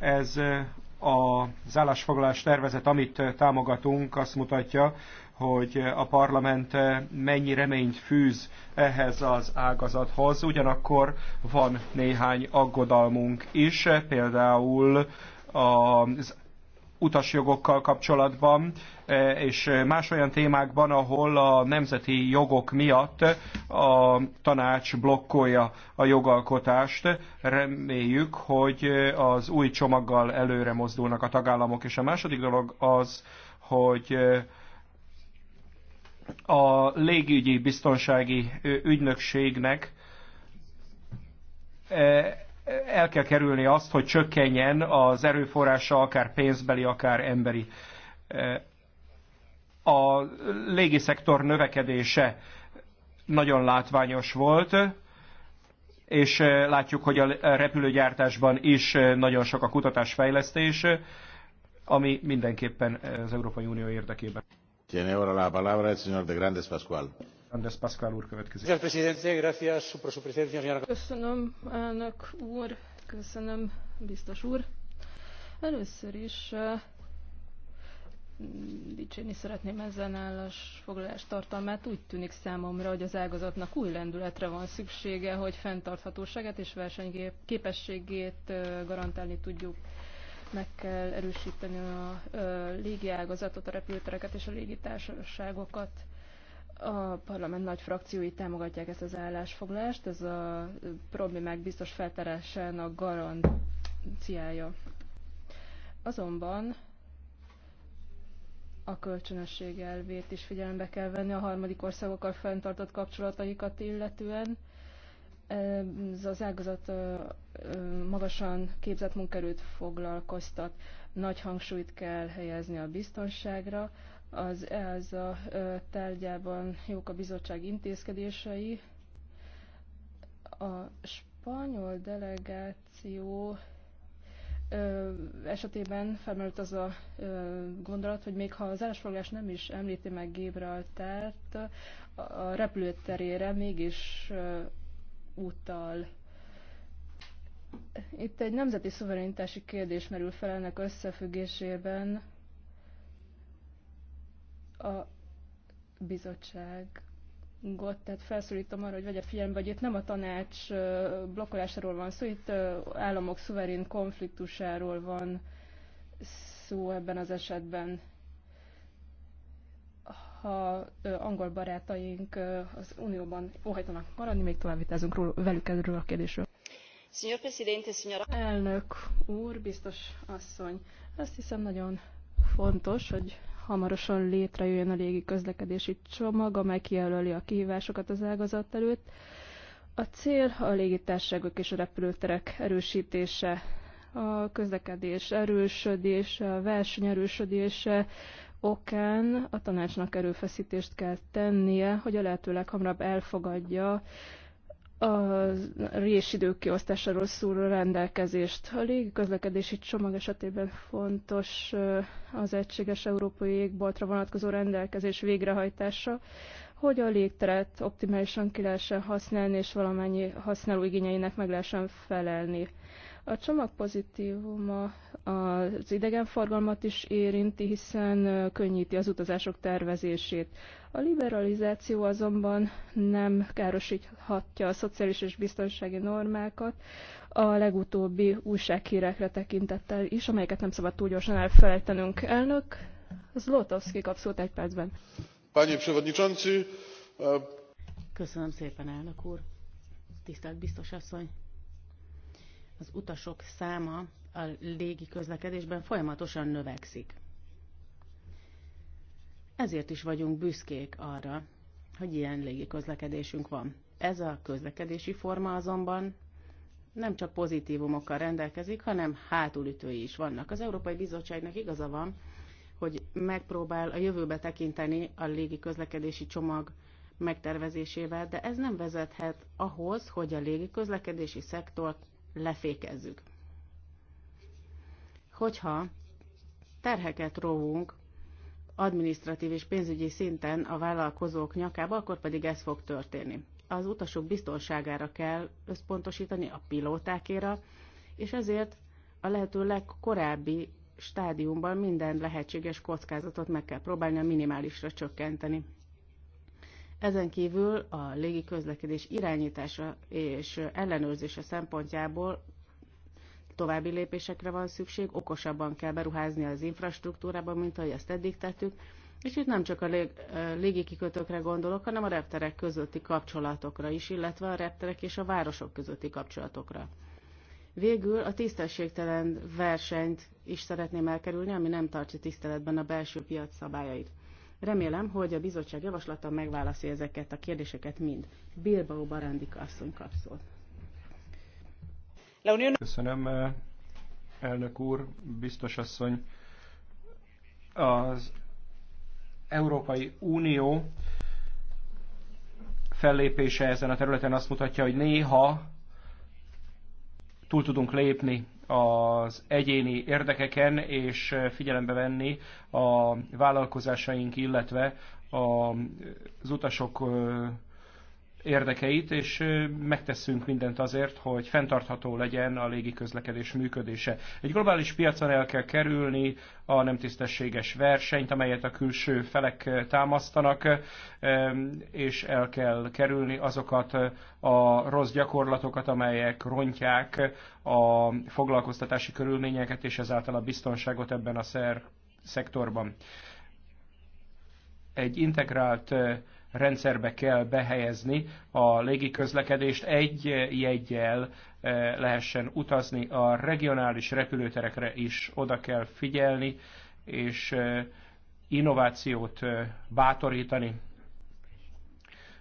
Ez eh, az állásfoglalás tervezet, amit eh, támogatunk, azt mutatja, hogy eh, a parlament mennyi reményt fűz ehhez az ágazathoz. Ugyanakkor van néhány aggodalmunk is, például az utasjogokkal kapcsolatban, e, és más olyan témákban, ahol a nemzeti jogok miatt a tanács blokkolja a jogalkotást. Reméljük, hogy az új csomaggal előre mozdulnak a tagállamok. És a második dolog az, hogy a légügyi biztonsági ügynökségnek e, el kell kerülni azt, hogy csökkenjen az erőforrása, akár pénzbeli, akár emberi. A légiszektor növekedése nagyon látványos volt, és látjuk, hogy a repülőgyártásban is nagyon sok a kutatásfejlesztés, ami mindenképpen az Európai Unió érdekében. Tiene ora la palabra el señor de Grandes Pascual. Andrés Pascual úr következik. Köszönöm, elnök úr, köszönöm, biztos úr. Először is dicsérni szeretném ezen állás foglalás tartalmát. Úgy tűnik számomra, hogy az ágazatnak új lendületre van szüksége, hogy fenntarthatóságát és versenyképességét garantálni tudjuk. Meg kell erősíteni a légi ágazatot, a repülőtereket és a légitársaságokat. A parlament nagy frakciói támogatják ezt az állásfoglalást, ez a problémák biztos feltárásának garanciája. Azonban a kölcsönösség elvét is figyelembe kell venni a harmadik országokkal fenntartott kapcsolataikat illetően. Ez az ágazat magasan képzett munkerőt foglalkoztat, nagy hangsúlyt kell helyezni a biztonságra, az a tárgyában jók a bizottság intézkedései. A spanyol delegáció esetében felmerült az a gondolat, hogy még ha az állásfoglalás nem is említi meg Gibraltárt, a repülőterére mégis utal. Itt egy nemzeti szuverenitási kérdés merül fel ennek összefüggésében, a bizottságot, tehát felszólítom arra, hogy vegye figyelembe, hogy itt nem a tanács blokkolásáról van szó, itt államok szuverén konfliktusáról van szó ebben az esetben. Ha angol barátaink az Unióban óhajtanak maradni, még tovább vitázunk ról, velük erről a kérdésről. Signor Presidente, signora... Elnök úr, biztos asszony, azt hiszem nagyon fontos, hogy hamarosan létrejöjjön a légi közlekedési csomag, amely kijelöli a kihívásokat az ágazat előtt. A cél a légitárságok és a repülőterek erősítése, a közlekedés erősödése, a verseny erősödése okán a tanácsnak erőfeszítést kell tennie, hogy a lehető leghamarabb elfogadja a résidők kiosztásáról szóló rendelkezést. A légiközlekedési csomag esetében fontos az egységes európai égboltra vonatkozó rendelkezés végrehajtása, hogy a légteret optimálisan ki lehessen használni, és valamennyi használó igényeinek meg lehessen felelni. A csomag pozitívuma az idegenforgalmat is érinti, hiszen könnyíti az utazások tervezését. A liberalizáció azonban nem károsíthatja a szociális és biztonsági normákat, a legutóbbi újsághírekre tekintettel is, amelyeket nem szabad túl gyorsan elfelejtenünk. Elnök Zlotowski kap szót egy percben. Panie Przewodniczący! E, Köszönöm szépen, elnök úr! Tisztelt biztos asszony! az utasok száma a légi közlekedésben folyamatosan növekszik. Ezért is vagyunk büszkék arra, hogy ilyen légi közlekedésünk van. Ez a közlekedési forma azonban nem csak pozitívumokkal rendelkezik, hanem hátulütői is vannak. Az Európai Bizottságnak igaza van, hogy megpróbál a jövőbe tekinteni a légi közlekedési csomag megtervezésével, de ez nem vezethet ahhoz, hogy a légi közlekedési szektor lefékezzük. Hogyha terheket róvunk, adminisztratív és pénzügyi szinten a vállalkozók nyakába, akkor pedig ez fog történni. Az utasok biztonságára kell összpontosítani, a pilótákéra, és ezért a lehető legkorábbi stádiumban minden lehetséges kockázatot meg kell próbálni a minimálisra csökkenteni. Ezen kívül a légi közlekedés irányítása és ellenőrzése szempontjából további lépésekre van szükség, okosabban kell beruházni az infrastruktúrába, mint ahogy ezt eddig tettük, és itt nem csak a légi légikikötőkre gondolok, hanem a repterek közötti kapcsolatokra is, illetve a repterek és a városok közötti kapcsolatokra. Végül a tisztességtelen versenyt is szeretném elkerülni, ami nem tartja tiszteletben a belső piac szabályait. Remélem, hogy a bizottság javaslata megválaszolja ezeket a kérdéseket mind. Bilbao Barandika asszony kapszol. Köszönöm, eh, elnök úr, biztos asszony. Az Európai Unió fellépése ezen a területen azt mutatja, hogy néha túl tudunk lépni az egyéni érdekeken, és figyelembe venni a vállalkozásaink, illetve az utasok érdekeit, és megteszünk mindent azért, hogy fenntartható legyen a légiközlekedés működése. Egy globális piacon el kell kerülni a nem tisztességes versenyt, amelyet a külső felek támasztanak, és el kell kerülni azokat a rossz gyakorlatokat, amelyek rontják a foglalkoztatási körülményeket, és ezáltal a biztonságot ebben a szer szektorban. Egy integrált rendszerbe kell behelyezni a légiközlekedést, egy jegyel eh, lehessen utazni, a regionális repülőterekre is oda kell figyelni, és eh, innovációt eh, bátorítani,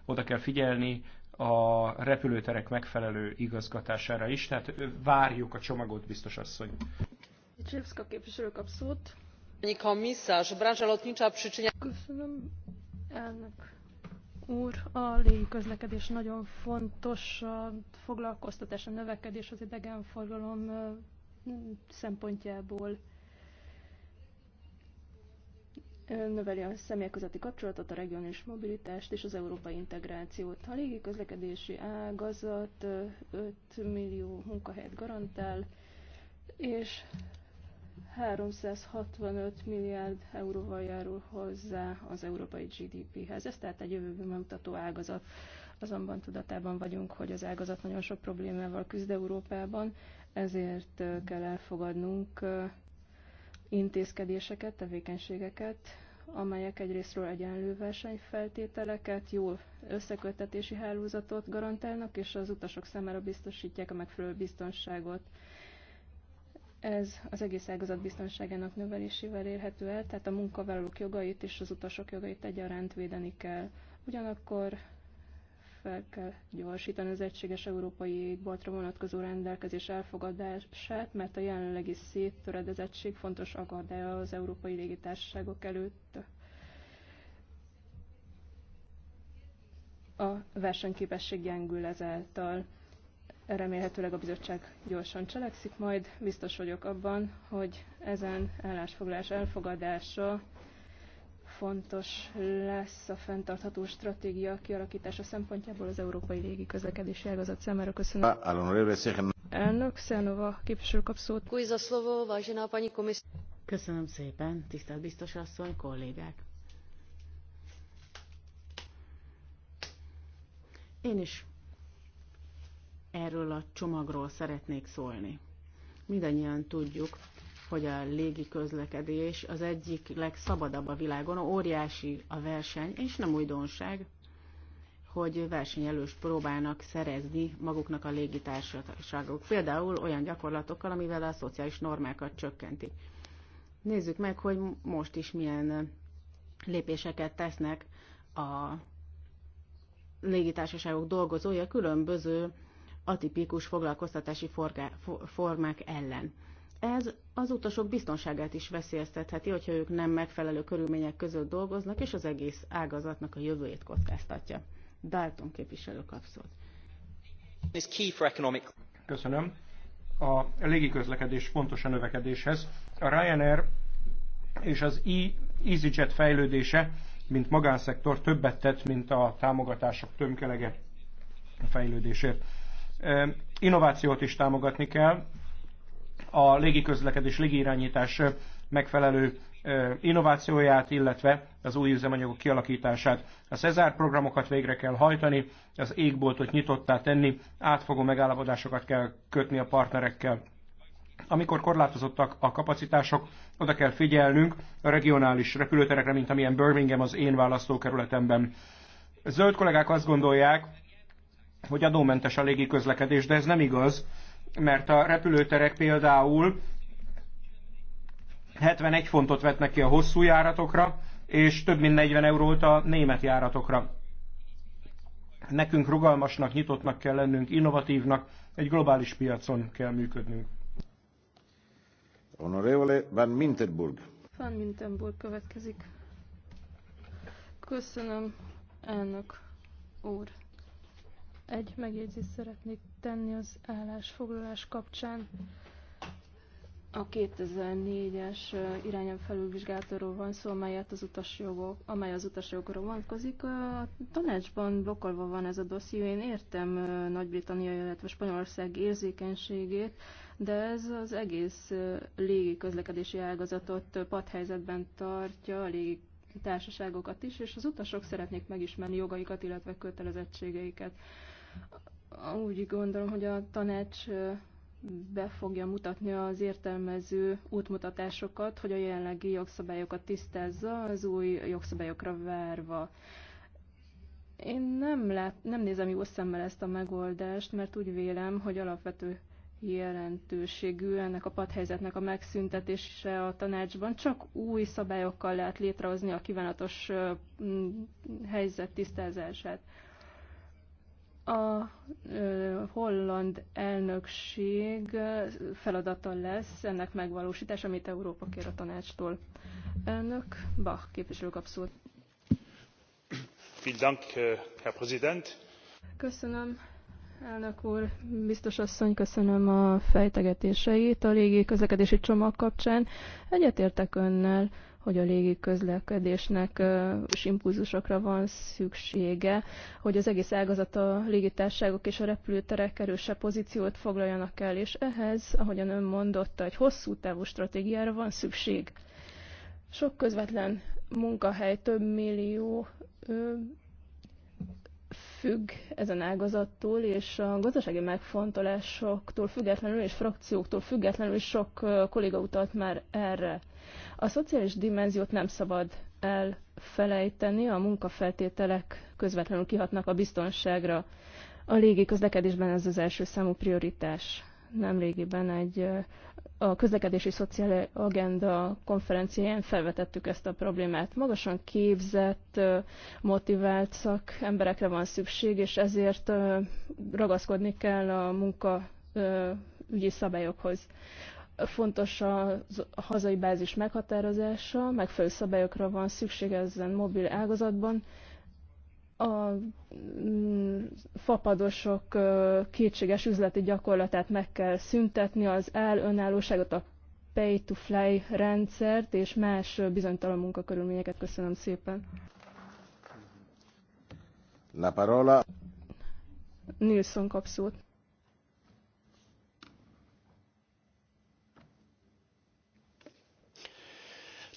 oda kell figyelni a repülőterek megfelelő igazgatására is, tehát várjuk a csomagot, biztos asszony. Csipszka képviselő kap szót. Pani komisarz, branża lotnicza przyczynia... Köszönöm, elnök úr, a légiközlekedés nagyon fontos, a foglalkoztatás, a növekedés az idegenforgalom szempontjából növeli a személy közötti kapcsolatot, a regionális mobilitást és az európai integrációt. A légiközlekedési ágazat 5 millió munkahelyet garantál, és 365 milliárd euróval járul hozzá az európai GDP-hez. Ez tehát egy jövőben mutató ágazat. Azonban tudatában vagyunk, hogy az ágazat nagyon sok problémával küzd Európában, ezért kell elfogadnunk intézkedéseket, tevékenységeket, amelyek egyrésztről egyenlő versenyfeltételeket, jó összeköttetési hálózatot garantálnak, és az utasok számára biztosítják a megfelelő biztonságot. Ez az egész ágazat biztonságának növelésével érhető el, tehát a munkavállalók jogait és az utasok jogait egyaránt védeni kell. Ugyanakkor fel kell gyorsítani az egységes európai égboltra vonatkozó rendelkezés elfogadását, mert a jelenlegi széttöredezettség fontos akadálya az európai légitársaságok előtt. A versenyképesség gyengül ezáltal remélhetőleg a bizottság gyorsan cselekszik majd. Biztos vagyok abban, hogy ezen állásfoglalás elfogadása fontos lesz a fenntartható stratégia kialakítása szempontjából az európai légi közlekedési ágazat számára. Köszönöm. Elnök Szenova, képviselő kap szót. Köszönöm szépen, tisztelt biztos asszony, kollégák. Én is erről a csomagról szeretnék szólni. Mindannyian tudjuk, hogy a légi közlekedés az egyik legszabadabb a világon, óriási a verseny, és nem újdonság, hogy versenyelőst próbálnak szerezni maguknak a légitársaságok. Például olyan gyakorlatokkal, amivel a szociális normákat csökkenti. Nézzük meg, hogy most is milyen lépéseket tesznek a légitársaságok dolgozója különböző atipikus foglalkoztatási formák ellen. Ez az utasok biztonságát is veszélyeztetheti, hogyha ők nem megfelelő körülmények között dolgoznak, és az egész ágazatnak a jövőjét kockáztatja. Dalton képviselő kapszott. Köszönöm. A légiközlekedés fontos a növekedéshez. A Ryanair és az e- EasyJet fejlődése, mint magánszektor többet tett, mint a támogatások tömkelege fejlődésért. Innovációt is támogatni kell, a légiközlekedés, légirányítás megfelelő innovációját, illetve az új üzemanyagok kialakítását. A Cezár programokat végre kell hajtani, az égboltot nyitottá tenni, átfogó megállapodásokat kell kötni a partnerekkel. Amikor korlátozottak a kapacitások, oda kell figyelnünk a regionális repülőterekre, mint amilyen Birmingham az én választókerületemben. Zöld kollégák azt gondolják, hogy adómentes a légi közlekedés, de ez nem igaz, mert a repülőterek például 71 fontot vetnek ki a hosszú járatokra, és több mint 40 eurót a német járatokra. Nekünk rugalmasnak, nyitottnak kell lennünk, innovatívnak, egy globális piacon kell működnünk. Honorevole Van Mintenburg. Van Mintenburg következik. Köszönöm, elnök úr. Egy megjegyzést szeretnék tenni az állásfoglalás kapcsán. A 2004-es irányon felülvizsgálatról van szó, amelyet az utasjogok, amely az utasjogokra vonatkozik. A tanácsban blokkolva van ez a dosszió. Én értem Nagy-Britannia, illetve Spanyolország érzékenységét, de ez az egész légi közlekedési ágazatot padhelyzetben tartja, a légi társaságokat is, és az utasok szeretnék megismerni jogaikat, illetve kötelezettségeiket. Úgy gondolom, hogy a tanács be fogja mutatni az értelmező útmutatásokat, hogy a jelenlegi jogszabályokat tisztázza, az új jogszabályokra várva. Én nem, lát, nem nézem jó szemmel ezt a megoldást, mert úgy vélem, hogy alapvető jelentőségű ennek a padhelyzetnek a megszüntetése a tanácsban. Csak új szabályokkal lehet létrehozni a kívánatos helyzet tisztázását. A holland elnökség feladata lesz ennek megvalósítása, amit Európa kér a tanácstól. Elnök Bach képviselő kap szót. Köszönöm, elnök úr, biztos asszony, köszönöm a fejtegetéseit a légi közlekedési csomag kapcsán. Egyetértek önnel, hogy a légi közlekedésnek és impulzusokra van szüksége, hogy az egész ágazat a légitárságok és a repülőterek erősebb pozíciót foglaljanak el, és ehhez, ahogyan ön mondotta, egy hosszú távú stratégiára van szükség. Sok közvetlen munkahely, több millió függ ezen ágazattól, és a gazdasági megfontolásoktól függetlenül és frakcióktól függetlenül is sok kolléga utalt már erre. A szociális dimenziót nem szabad elfelejteni, a munkafeltételek közvetlenül kihatnak a biztonságra. A légi közlekedésben ez az első számú prioritás. Nemrégiben egy a közlekedési szociál agenda konferenciáján felvetettük ezt a problémát. Magasan képzett, motivált szak emberekre van szükség, és ezért ragaszkodni kell a munka ügyi szabályokhoz. Fontos a hazai bázis meghatározása, megfelelő szabályokra van szükség ezen mobil ágazatban, a mm, fapadosok kétséges üzleti gyakorlatát meg kell szüntetni, az elönállóságot, a pay-to-fly rendszert és más bizonytalan munkakörülményeket. Köszönöm szépen. La parola. Nilsson kap szót.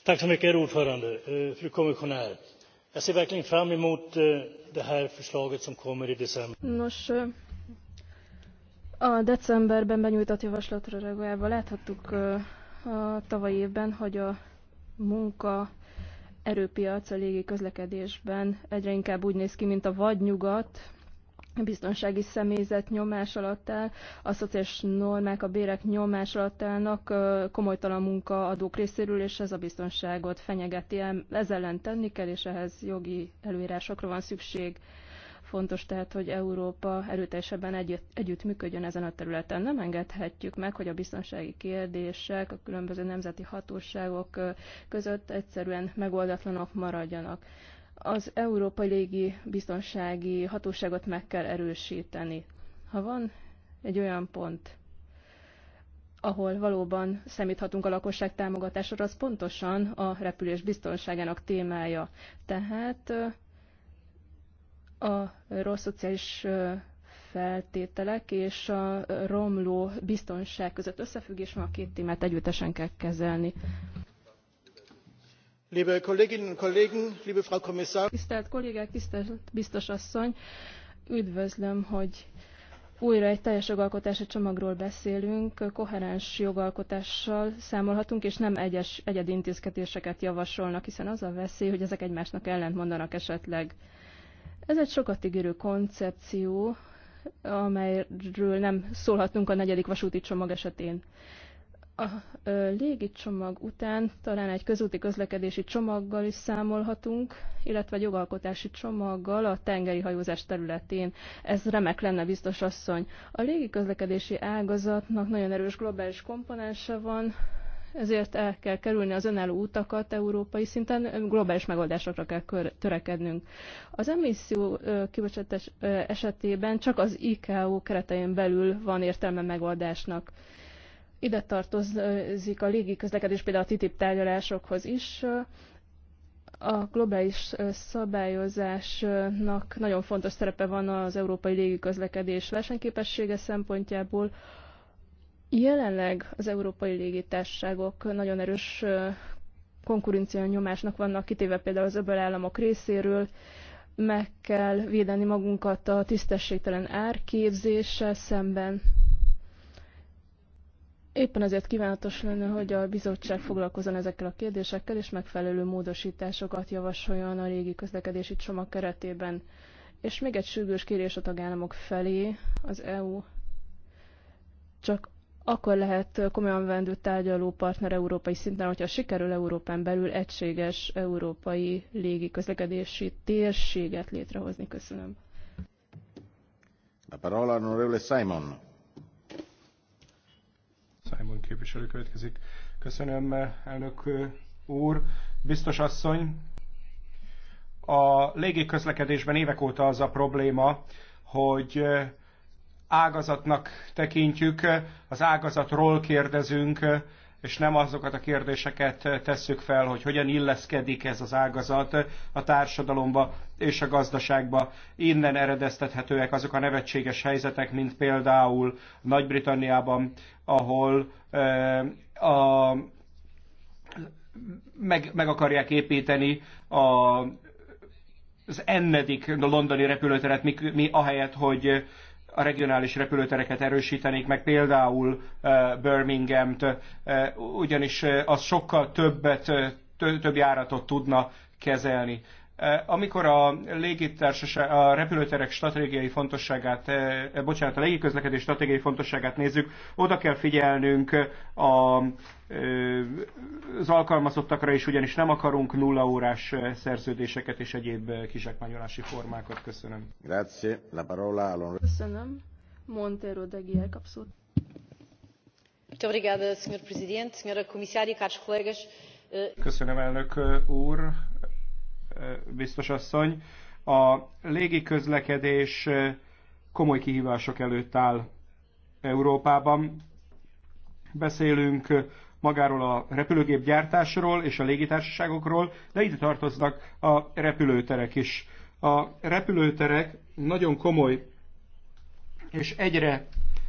Tack så mycket, ordförande, eh, fru kommissionär. Nos, a decemberben benyújtott javaslatra reagálva láthattuk eh, a tavalyi évben, hogy a munka erőpiac a légi közlekedésben egyre inkább úgy néz ki, mint a vadnyugat, biztonsági személyzet nyomás alatt áll, a szociális normák, a bérek nyomás alatt állnak, komolytalan munka adók részéről, és ez a biztonságot fenyegeti el. Ez ellen tenni kell, és ehhez jogi előírásokra van szükség. Fontos tehát, hogy Európa erőteljesebben együtt, együtt működjön ezen a területen. Nem engedhetjük meg, hogy a biztonsági kérdések a különböző nemzeti hatóságok között egyszerűen megoldatlanok maradjanak. Az Európai Légi Biztonsági Hatóságot meg kell erősíteni. Ha van egy olyan pont, ahol valóban számíthatunk a lakosság támogatásra, az pontosan a repülés biztonságának témája. Tehát a rossz szociális feltételek és a romló biztonság között összefüggés van, a két témát együttesen kell kezelni liebe kolleginnen und kollegen liebe frau kommissarin! tisztelt kollégák tisztelt biztos asszony! üdvözlöm hogy újra egy teljes jogalkotási csomagról beszélünk koherens jogalkotással számolhatunk és nem egyes egyedi intézkedéseket javasolnak hiszen az a veszély hogy ezek egymásnak ellentmondanak esetleg. ez egy sokat ígérő koncepció amelyről nem szólhatunk a negyedik vasúti csomag esetén a légi csomag után talán egy közúti közlekedési csomaggal is számolhatunk, illetve egy jogalkotási csomaggal a tengeri hajózás területén. Ez remek lenne, biztos asszony. A légi közlekedési ágazatnak nagyon erős globális komponense van, ezért el kell kerülni az önálló utakat európai szinten, globális megoldásokra kell kör, törekednünk. Az emisszió kibocsátás esetében csak az ICAO keretein belül van értelme megoldásnak. Ide tartozik a légi közlekedés például a TTIP tárgyalásokhoz is. A globális szabályozásnak nagyon fontos szerepe van az európai légi közlekedés versenyképessége szempontjából. Jelenleg az európai légitársaságok nagyon erős konkurencia nyomásnak vannak kitéve például az öböl államok részéről, meg kell védeni magunkat a tisztességtelen árképzéssel szemben. Éppen azért kívánatos lenne, hogy a bizottság foglalkozon ezekkel a kérdésekkel, és megfelelő módosításokat javasoljon a régi közlekedési csomag keretében. És még egy sürgős kérés a tagállamok felé, az EU csak akkor lehet komolyan vendő tárgyaló partner európai szinten, hogyha sikerül Európán belül egységes európai légi közlekedési térséget létrehozni. Köszönöm. A parola Simon. Simon képviselő következik. Köszönöm, elnök úr. Biztos asszony, a légiközlekedésben évek óta az a probléma, hogy ágazatnak tekintjük, az ágazatról kérdezünk, és nem azokat a kérdéseket eh, tesszük fel, hogy hogyan illeszkedik ez az ágazat a társadalomba és a gazdaságba. Innen eredeztethetőek azok a nevetséges helyzetek, mint például Nagy-Britanniában, ahol eh, a, meg, meg akarják építeni a, az ennedik londoni repülőteret, mi, mi ahelyett, hogy a regionális repülőtereket erősítenék meg, például eh, Birmingham-t, eh, ugyanis eh, az sokkal többet, több járatot tudna kezelni. Eh, amikor a légitársaság, a repülőterek stratégiai fontosságát, eh, bocsánat, a légiközlekedés stratégiai fontosságát nézzük, oda kell figyelnünk a, eh, az alkalmazottakra is, ugyanis nem akarunk nulla órás szerződéseket és egyéb kizsákmányolási formákat. Köszönöm. Grazie. La parola Köszönöm. Montero de Giel kapszót. Muito obrigada, Sr. Presidente, Sra. Comissária, caros colegas. Köszönöm, elnök úr, biztos asszony. A légiközlekedés komoly kihívások előtt áll Európában. Beszélünk magáról a repülőgép gyártásról és a légitársaságokról, de ide tartoznak a repülőterek is. A repülőterek nagyon komoly és egyre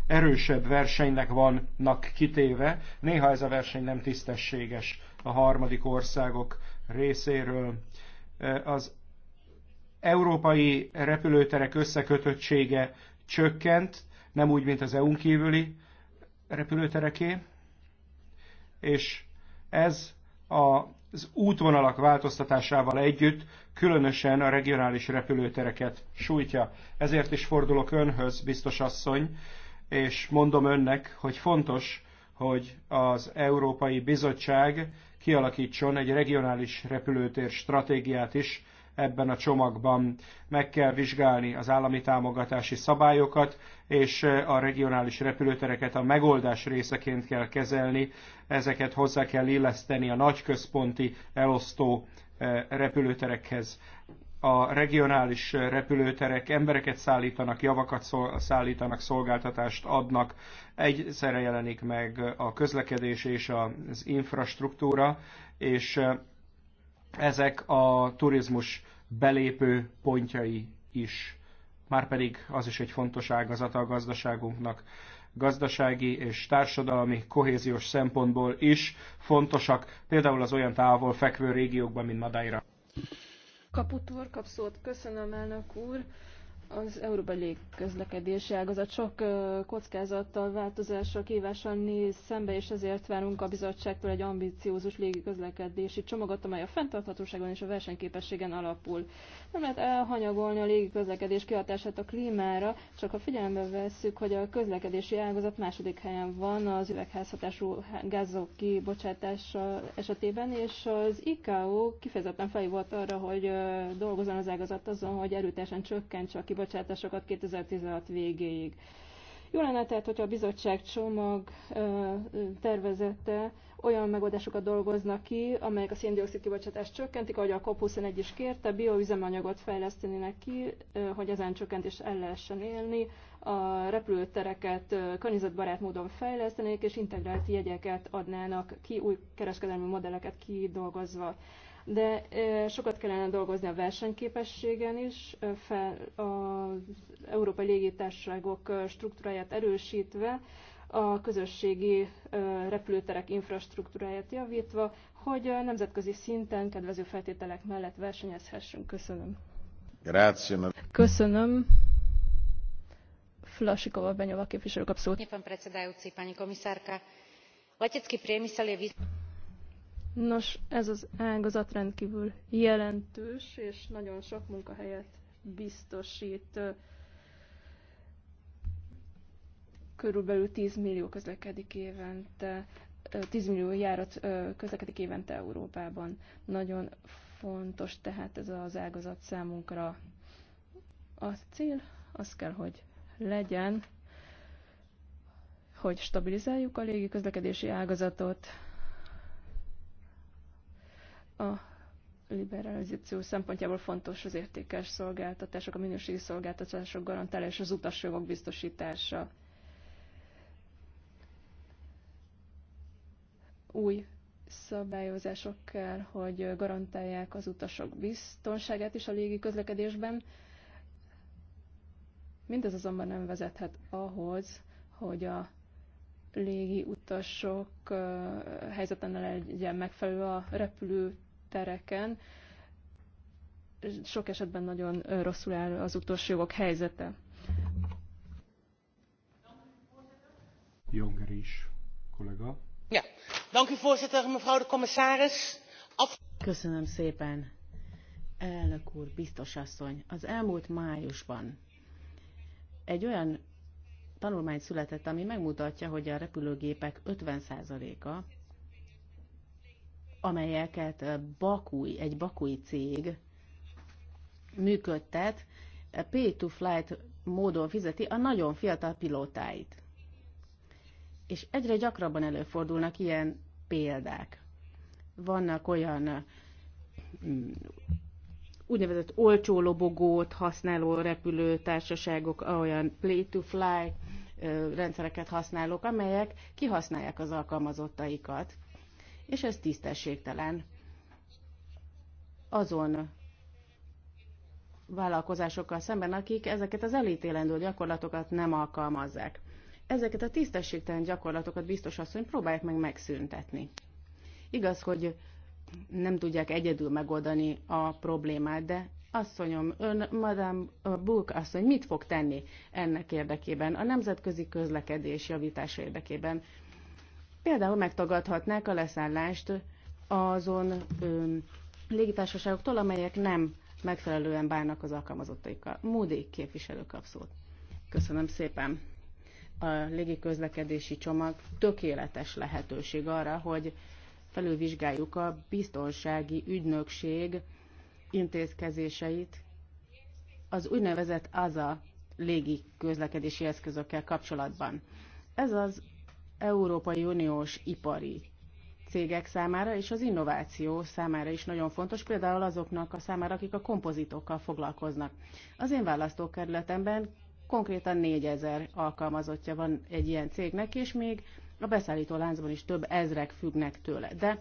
erősebb versenynek vannak kitéve. Néha ez a verseny nem tisztességes a harmadik országok részéről. Eh, az európai repülőterek összekötöttsége csökkent, nem úgy, mint az EU-n kívüli repülőtereké, és ez az útvonalak változtatásával együtt különösen a regionális repülőtereket sújtja. Ezért is fordulok önhöz, biztos asszony, és mondom önnek, hogy fontos, hogy az Európai Bizottság kialakítson egy regionális repülőtér stratégiát is ebben a csomagban. Meg kell vizsgálni az állami támogatási szabályokat, és a regionális repülőtereket a megoldás részeként kell kezelni. Ezeket hozzá kell illeszteni a nagyközponti elosztó eh, repülőterekhez a regionális repülőterek embereket szállítanak, javakat szállítanak, szolgáltatást adnak. Egyszerre jelenik meg a közlekedés és az infrastruktúra, és ezek a turizmus belépő pontjai is. Márpedig az is egy fontos ágazata a gazdaságunknak. Gazdasági és társadalmi kohéziós szempontból is fontosak, például az olyan távol fekvő régiókban, mint Madeira. Kaput úr, Köszönöm, elnök úr. Az európai légközlekedési ágazat sok kockázattal, változással, kívással néz szembe, és ezért várunk a bizottságtól egy ambiciózus légiközlekedési csomagot, amely a fenntarthatóságon és a versenyképességen alapul. Nem lehet elhanyagolni a légiközlekedés kihatását a klímára, csak ha figyelembe vesszük, hogy a közlekedési ágazat második helyen van az üvegházhatású gázok kibocsátása esetében, és az ICAO kifejezetten volt arra, hogy dolgozzon az ágazat azon, hogy erőteljesen csökkentse a kibocsátásokat 2016 végéig. Jó lenne tehát, hogyha a bizottság csomag tervezete olyan megoldásokat dolgoznak ki, amelyek a széndiokszid kibocsátást csökkentik, ahogy a COP21 is kérte, bioüzemanyagot fejlesztenének ki, hogy ezen csökkentés el lehessen élni, a repülőtereket környezetbarát módon fejlesztenék, és integrált jegyeket adnának ki, új kereskedelmi modelleket kidolgozva de sokat kellene dolgozni a versenyképességen is, fel az európai légitársaságok struktúráját erősítve, a közösségi repülőterek infrastruktúráját javítva, hogy nemzetközi szinten kedvező feltételek mellett versenyezhessünk. Köszönöm. Grazie. Köszönöm. Flasikova Benyova képviselő kap szót. Letecký priemysel je Nos, ez az ágazat rendkívül jelentős, és nagyon sok munkahelyet biztosít. Körülbelül 10 millió közlekedik évente, 10 millió járat közlekedik évente Európában. Nagyon fontos tehát ez az ágazat számunkra. A cél az kell, hogy legyen, hogy stabilizáljuk a légi közlekedési ágazatot, a liberalizáció szempontjából fontos az értékes szolgáltatások, a minőségi szolgáltatások garantálása és az utasjogok biztosítása. Új szabályozások kell, hogy garantálják az utasok biztonságát is a légi közlekedésben. Mindez azonban nem vezethet ahhoz, hogy a légi utasok helyzeten legyen megfelelő a repülő tereken. Sok esetben nagyon rosszul áll az utolsó jogok helyzete. Jonger is, kollega. Ja, dank u voorzitter, mevrouw de commissaris. Köszönöm szépen, elnök úr, biztos asszony. Az elmúlt májusban egy olyan tanulmány született, ami megmutatja, hogy a repülőgépek 50%-a amelyeket Bakúi, egy bakúi cég működtet, pay-to-flight módon fizeti a nagyon fiatal pilótáit. És egyre gyakrabban előfordulnak ilyen példák. Vannak olyan mm, úgynevezett olcsó lobogót használó repülőtársaságok, olyan play-to-fly rendszereket használók, amelyek kihasználják az alkalmazottaikat, és ez tisztességtelen azon vállalkozásokkal szemben, akik ezeket az elítélendő gyakorlatokat nem alkalmazzák. Ezeket a tisztességtelen gyakorlatokat biztos hogy próbálják meg megszüntetni. Igaz, hogy nem tudják egyedül megoldani a problémát, de asszonyom, ön, Madame azt asszony mit fog tenni ennek érdekében, a nemzetközi közlekedés javítása érdekében? Például megtagadhatnák a leszállást azon öm, légitársaságoktól, amelyek nem megfelelően bánnak az alkalmazottaikkal. Moody képviselő kap szót. Köszönöm szépen. A légiközlekedési csomag tökéletes lehetőség arra, hogy felülvizsgáljuk a biztonsági ügynökség intézkezéseit az úgynevezett AZA légi közlekedési eszközökkel kapcsolatban. Ez az Európai Uniós ipari cégek számára és az innováció számára is nagyon fontos, például azoknak a számára, akik a kompozitokkal foglalkoznak. Az én választókerületemben konkrétan 4000 alkalmazottja van egy ilyen cégnek, és még a beszállító láncban is több ezrek függnek tőle. De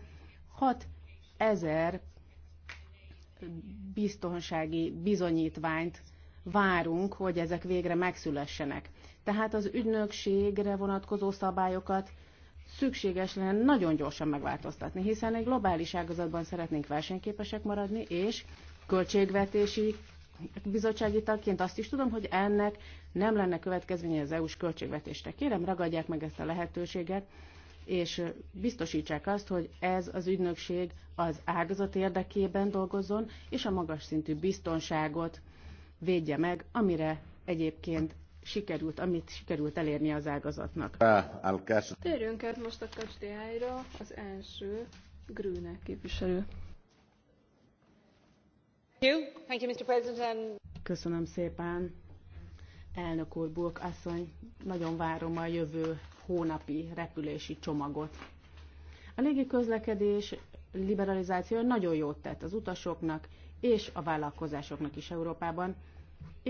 6000 biztonsági bizonyítványt várunk, hogy ezek végre megszülessenek. Tehát az ügynökségre vonatkozó szabályokat szükséges lenne nagyon gyorsan megváltoztatni, hiszen egy globális ágazatban szeretnénk versenyképesek maradni, és költségvetési bizottsági tagként azt is tudom, hogy ennek nem lenne következménye az EU-s költségvetésre. Kérem, ragadják meg ezt a lehetőséget, és biztosítsák azt, hogy ez az ügynökség az ágazat érdekében dolgozzon, és a magas szintű biztonságot védje meg, amire egyébként sikerült, amit sikerült elérni az ágazatnak. Térjünk át most a kastélyára, az első Grüne képviselő. Köszönöm szépen, elnök úr, Burk asszony, nagyon várom a jövő hónapi repülési csomagot. A légi közlekedés liberalizáció nagyon jót tett az utasoknak és a vállalkozásoknak is Európában,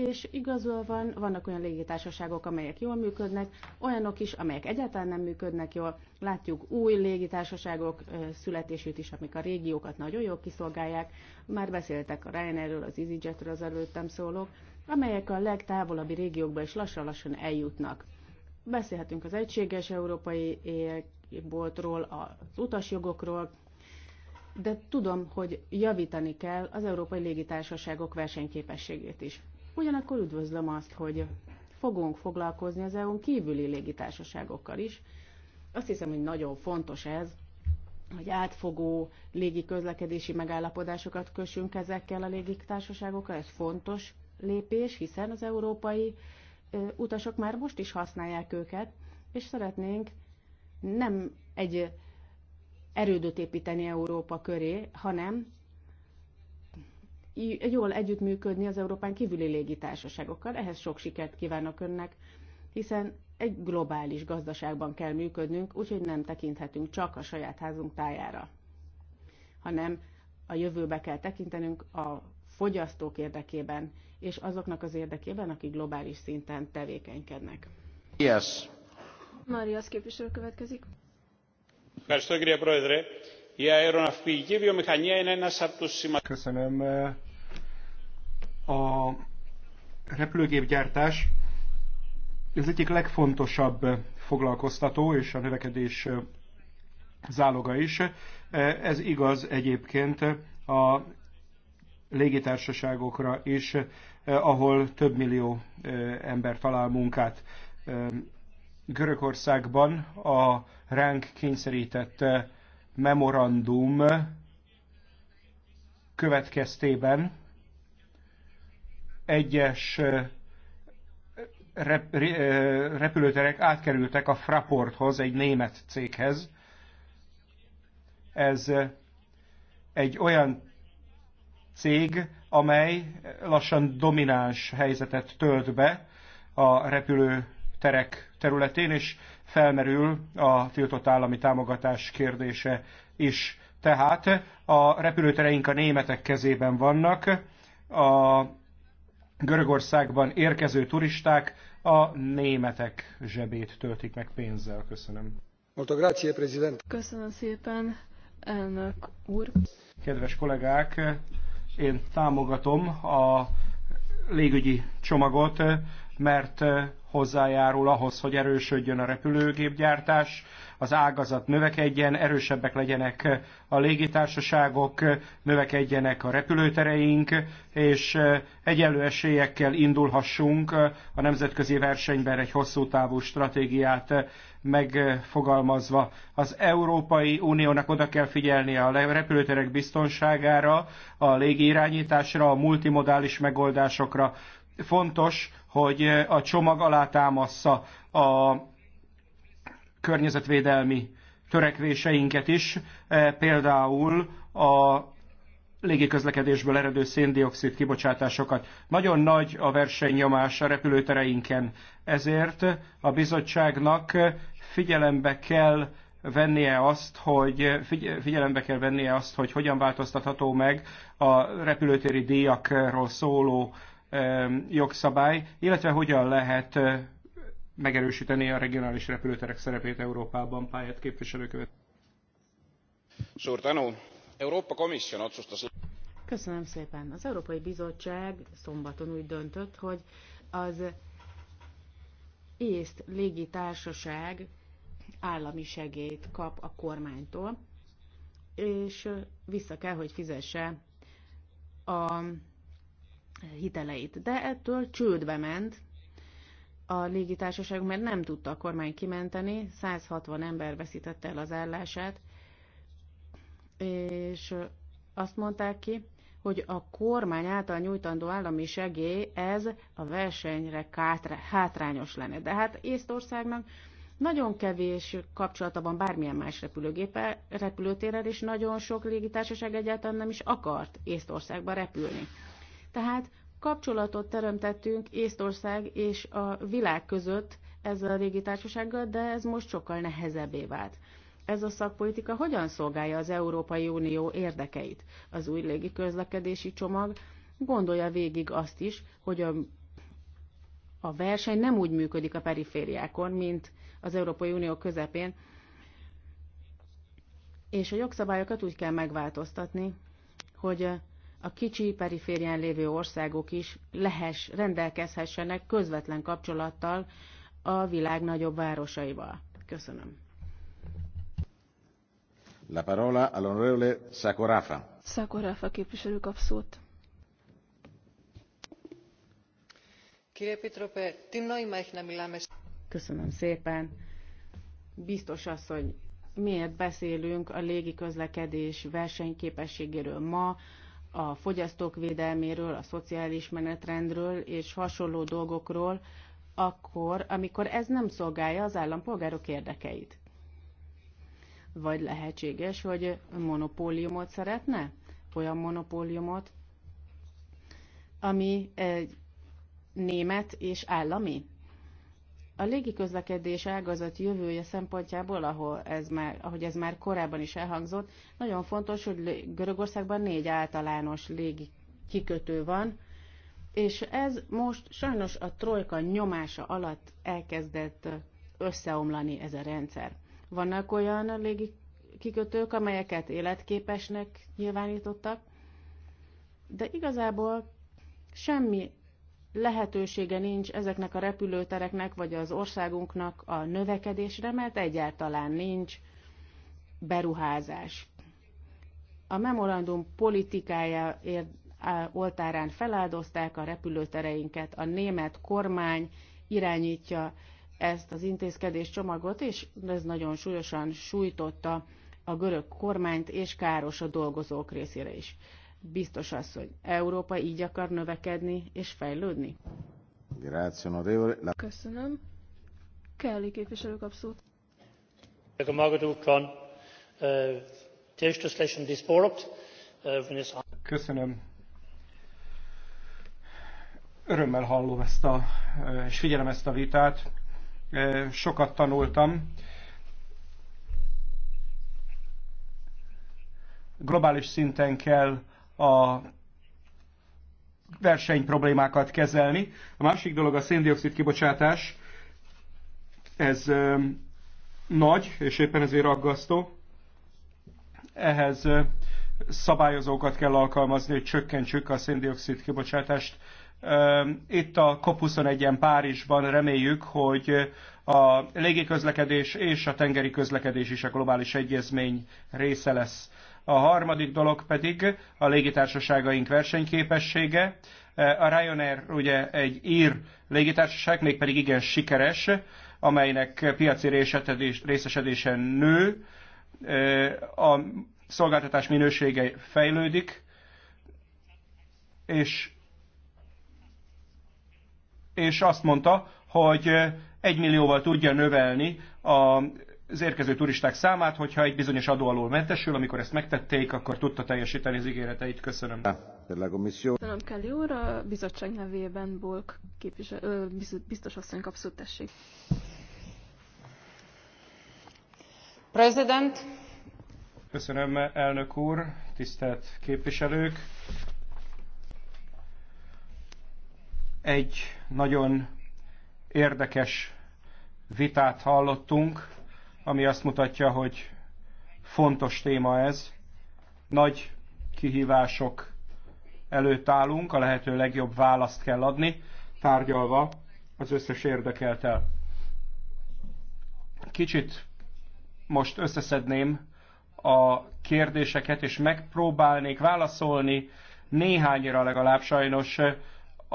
és igazol van, vannak olyan légitársaságok, amelyek jól működnek, olyanok is, amelyek egyáltalán nem működnek jól. Látjuk új légitársaságok születését is, amik a régiókat nagyon jól kiszolgálják. Már beszéltek a Ryanairről, az EasyJetről az előttem szólók, amelyek a legtávolabbi régiókba is lassan-lassan eljutnak. Beszélhetünk az egységes európai boltról, az utasjogokról, de tudom, hogy javítani kell az európai légitársaságok versenyképességét is. Ugyanakkor üdvözlöm azt, hogy fogunk foglalkozni az EU-n kívüli légitársaságokkal is. Azt hiszem, hogy nagyon fontos ez, hogy átfogó légiközlekedési megállapodásokat kössünk ezekkel a légitársaságokkal. Ez fontos lépés, hiszen az európai utasok már most is használják őket, és szeretnénk nem egy erődöt építeni Európa köré, hanem jól együttműködni az Európán kívüli légitársaságokkal. Ehhez sok sikert kívánok önnek, hiszen egy globális gazdaságban kell működnünk, úgyhogy nem tekinthetünk csak a saját házunk tájára, hanem a jövőbe kell tekintenünk a fogyasztók érdekében, és azoknak az érdekében, akik globális szinten tevékenykednek. Yes. Marias képviselő következik. Köszönöm, a repülőgépgyártás az egyik legfontosabb foglalkoztató és a növekedés záloga is. Ez igaz egyébként a légitársaságokra is, ahol több millió ember talál munkát. Görögországban a ránk kényszerített memorandum következtében egyes repülőterek átkerültek a Fraporthoz, egy német céghez. Ez egy olyan cég, amely lassan domináns helyzetet tölt be a repülőterek területén, és felmerül a tiltott állami támogatás kérdése is. Tehát a repülőtereink a németek kezében vannak, a Görögországban érkező turisták a németek zsebét töltik meg pénzzel. Köszönöm. Molto grazie, president. Köszönöm szépen, elnök úr. Kedves kollégák, én támogatom a légügyi csomagot, mert hozzájárul ahhoz, hogy erősödjön a repülőgépgyártás, az ágazat növekedjen, erősebbek legyenek a légitársaságok, növekedjenek a repülőtereink, és egyenlő esélyekkel indulhassunk a nemzetközi versenyben egy hosszú távú stratégiát megfogalmazva. Az Európai Uniónak oda kell figyelnie a repülőterek biztonságára, a légirányításra, a multimodális megoldásokra fontos, hogy eh, a csomag alátámassza a környezetvédelmi törekvéseinket is, eh, például a légiközlekedésből eredő széndiokszid kibocsátásokat. Nagyon nagy a versenynyomás a repülőtereinken, ezért a bizottságnak figyelembe kell vennie azt, hogy figyelembe kell vennie azt, hogy hogyan változtatható meg a repülőtéri díjakról szóló jogszabály, illetve hogyan lehet megerősíteni a regionális repülőterek szerepét Európában pályát képviselőkövet. Suur tänu! Euroopa Komisjon otsustas... Köszönöm szépen. Az Európai Bizottság szombaton úgy döntött, hogy az észt légitársaság állami segélyt kap a kormánytól, és vissza kell, hogy fizesse a hiteleit. De ettől csődbe ment a légitársaság, mert nem tudta a kormány kimenteni, 160 ember veszítette el az állását, és azt mondták ki, hogy a kormány által nyújtandó állami segély ez a versenyre hátrányos lenne. De hát Észtországnak nagyon kevés kapcsolata van bármilyen más repülőgéppel, repülőtérrel, és nagyon sok légitársaság egyáltalán nem is akart Észtországba repülni. Tehát kapcsolatot teremtettünk Észtország és a világ között ezzel a régi társasággal, de ez most sokkal nehezebbé vált. Ez a szakpolitika hogyan szolgálja az Európai Unió érdekeit? Az új légi közlekedési csomag gondolja végig azt is, hogy a, a verseny nem úgy működik a perifériákon, mint az Európai Unió közepén, és a jogszabályokat úgy kell megváltoztatni, hogy a kicsi periférián lévő országok is lehess, rendelkezhessenek közvetlen kapcsolattal a világ nagyobb városaival. Köszönöm. La parola all'onorevole Sakorafa. Sakorafa képviselő kap szót. Köszönöm szépen. Biztos hogy miért beszélünk a légi közlekedés versenyképességéről ma, a fogyasztók védelméről, a szociális menetrendről és hasonló dolgokról, akkor, amikor ez nem szolgálja az állampolgárok érdekeit. Vagy lehetséges, hogy monopóliumot szeretne? Olyan monopóliumot, ami egy német és állami? A közlekedés ágazat jövője szempontjából, ahol ez már, ahogy ez már korábban is elhangzott, nagyon fontos, hogy Görögországban négy általános légi kikötő van, és ez most sajnos a trojka nyomása alatt elkezdett összeomlani ez a rendszer. Vannak olyan légi kikötők, amelyeket életképesnek nyilvánítottak, de igazából semmi lehetősége nincs ezeknek a repülőtereknek vagy az országunknak a növekedésre, mert egyáltalán nincs beruházás. A memorandum politikája oltárán feláldozták a repülőtereinket, a német kormány irányítja ezt az intézkedés csomagot, és ez nagyon súlyosan sújtotta a görög kormányt, és káros a dolgozók részére is. Biztos az, hogy Európa így akar növekedni és fejlődni? Köszönöm. Kelly képviselő kap szót. Äh, äh, Köszönöm. Örömmel hallom ezt a, äh, és figyelem ezt a vitát. Sokat tanultam. Globális szinten kell a verseny-problémákat kezelni. A másik dolog a széndiokszid kibocsátás. Ez nagy, és éppen ezért aggasztó. Ehhez szabályozókat kell alkalmazni, hogy csökkentsük a széndiokszid kibocsátást. Itt a COP21-en Párizsban reméljük, hogy a légiközlekedés és a tengeri közlekedés is a globális egyezmény része lesz. A harmadik dolog pedig a légitársaságaink versenyképessége. A Ryanair ugye egy ír légitársaság, mégpedig igen sikeres, amelynek piaci részesedése nő, a szolgáltatás minősége fejlődik, és, és azt mondta, hogy egy millióval tudja növelni a az érkező turisták számát, hogyha egy bizonyos adó alól mentesül, amikor ezt megtették, akkor tudta teljesíteni az ígéreteit. Köszönöm. Köszönöm Kelly úr, a bizottság nevében Bulk képviselő, biztos asszony kapszót tessék. President. Köszönöm, elnök úr, tisztelt képviselők. Egy nagyon érdekes vitát hallottunk ami azt mutatja, hogy fontos téma ez. Nagy kihívások előtt állunk, a lehető legjobb választ kell adni, tárgyalva az összes érdekeltel. Kicsit most összeszedném a kérdéseket, és megpróbálnék válaszolni néhányra legalább sajnos. Eh,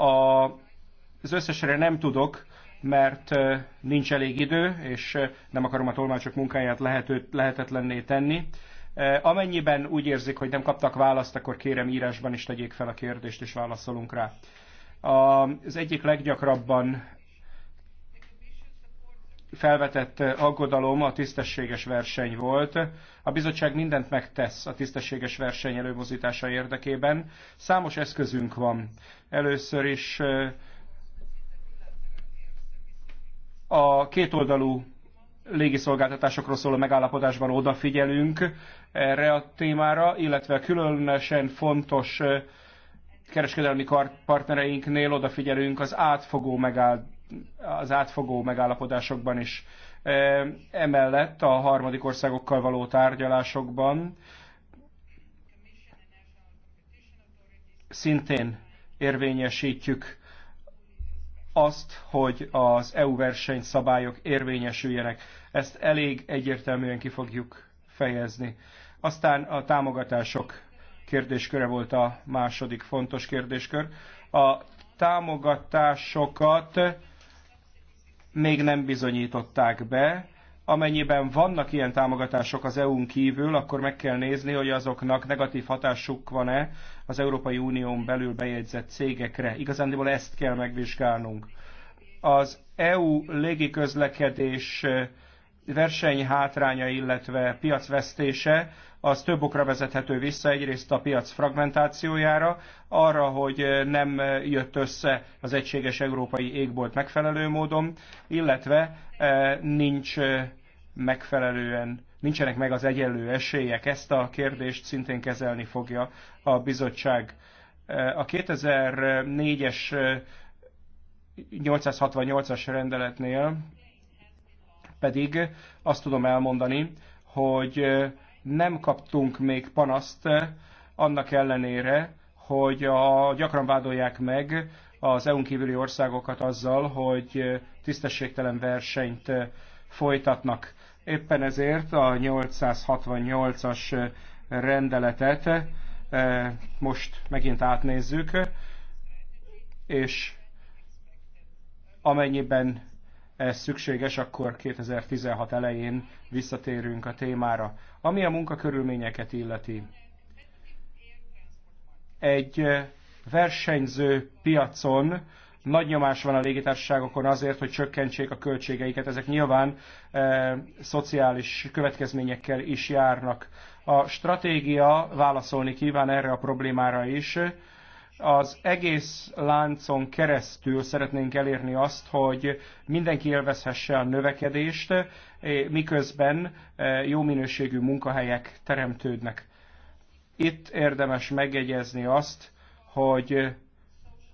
a, az összesre nem tudok, mert nincs elég idő, és nem akarom a tolmácsok munkáját lehető, lehetetlenné tenni. Amennyiben úgy érzik, hogy nem kaptak választ, akkor kérem írásban is tegyék fel a kérdést, és válaszolunk rá. Az egyik leggyakrabban felvetett aggodalom a tisztességes verseny volt. A bizottság mindent megtesz a tisztességes verseny előmozítása érdekében. Számos eszközünk van. Először is a kétoldalú légiszolgáltatásokról szóló megállapodásban odafigyelünk erre a témára, illetve különösen fontos kereskedelmi partnereinknél odafigyelünk az átfogó, megáll, az átfogó megállapodásokban is. Emellett a harmadik országokkal való tárgyalásokban szintén érvényesítjük azt, hogy az EU versenyszabályok érvényesüljenek. Ezt elég egyértelműen ki fogjuk fejezni. Aztán a támogatások kérdésköre volt a második fontos kérdéskör. A támogatásokat még nem bizonyították be, amennyiben vannak ilyen támogatások az EU-n kívül, akkor meg kell nézni, hogy azoknak negatív hatásuk van-e az Európai Unión belül bejegyzett cégekre. Igazándiból ezt kell megvizsgálnunk. Az EU légiközlekedés közlekedés verseny hátránya illetve piacvesztése az több okra vezethető vissza, egyrészt a piac fragmentációjára, arra, hogy nem jött össze az egységes európai égbolt megfelelő módon, illetve e, nincs e, megfelelően nincsenek meg az egyenlő esélyek. Ezt a kérdést szintén kezelni fogja a bizottság. E, a 2004-es 868-as rendeletnél pedig azt tudom elmondani, hogy nem kaptunk még panaszt annak ellenére, hogy a, gyakran vádolják meg az EU-n kívüli országokat azzal, hogy tisztességtelen versenyt folytatnak. Éppen ezért a 868-as rendeletet most megint átnézzük, és amennyiben ez szükséges, akkor 2016 elején visszatérünk a témára. Ami a munkakörülményeket illeti, egy versenyző piacon nagy nyomás van a légitársaságokon azért, hogy csökkentsék a költségeiket. Ezek nyilván e, szociális következményekkel is járnak. A stratégia válaszolni kíván erre a problémára is az egész láncon keresztül szeretnénk elérni azt, hogy mindenki élvezhesse a növekedést, eh, miközben eh, jó minőségű munkahelyek teremtődnek. Itt érdemes megjegyezni azt, hogy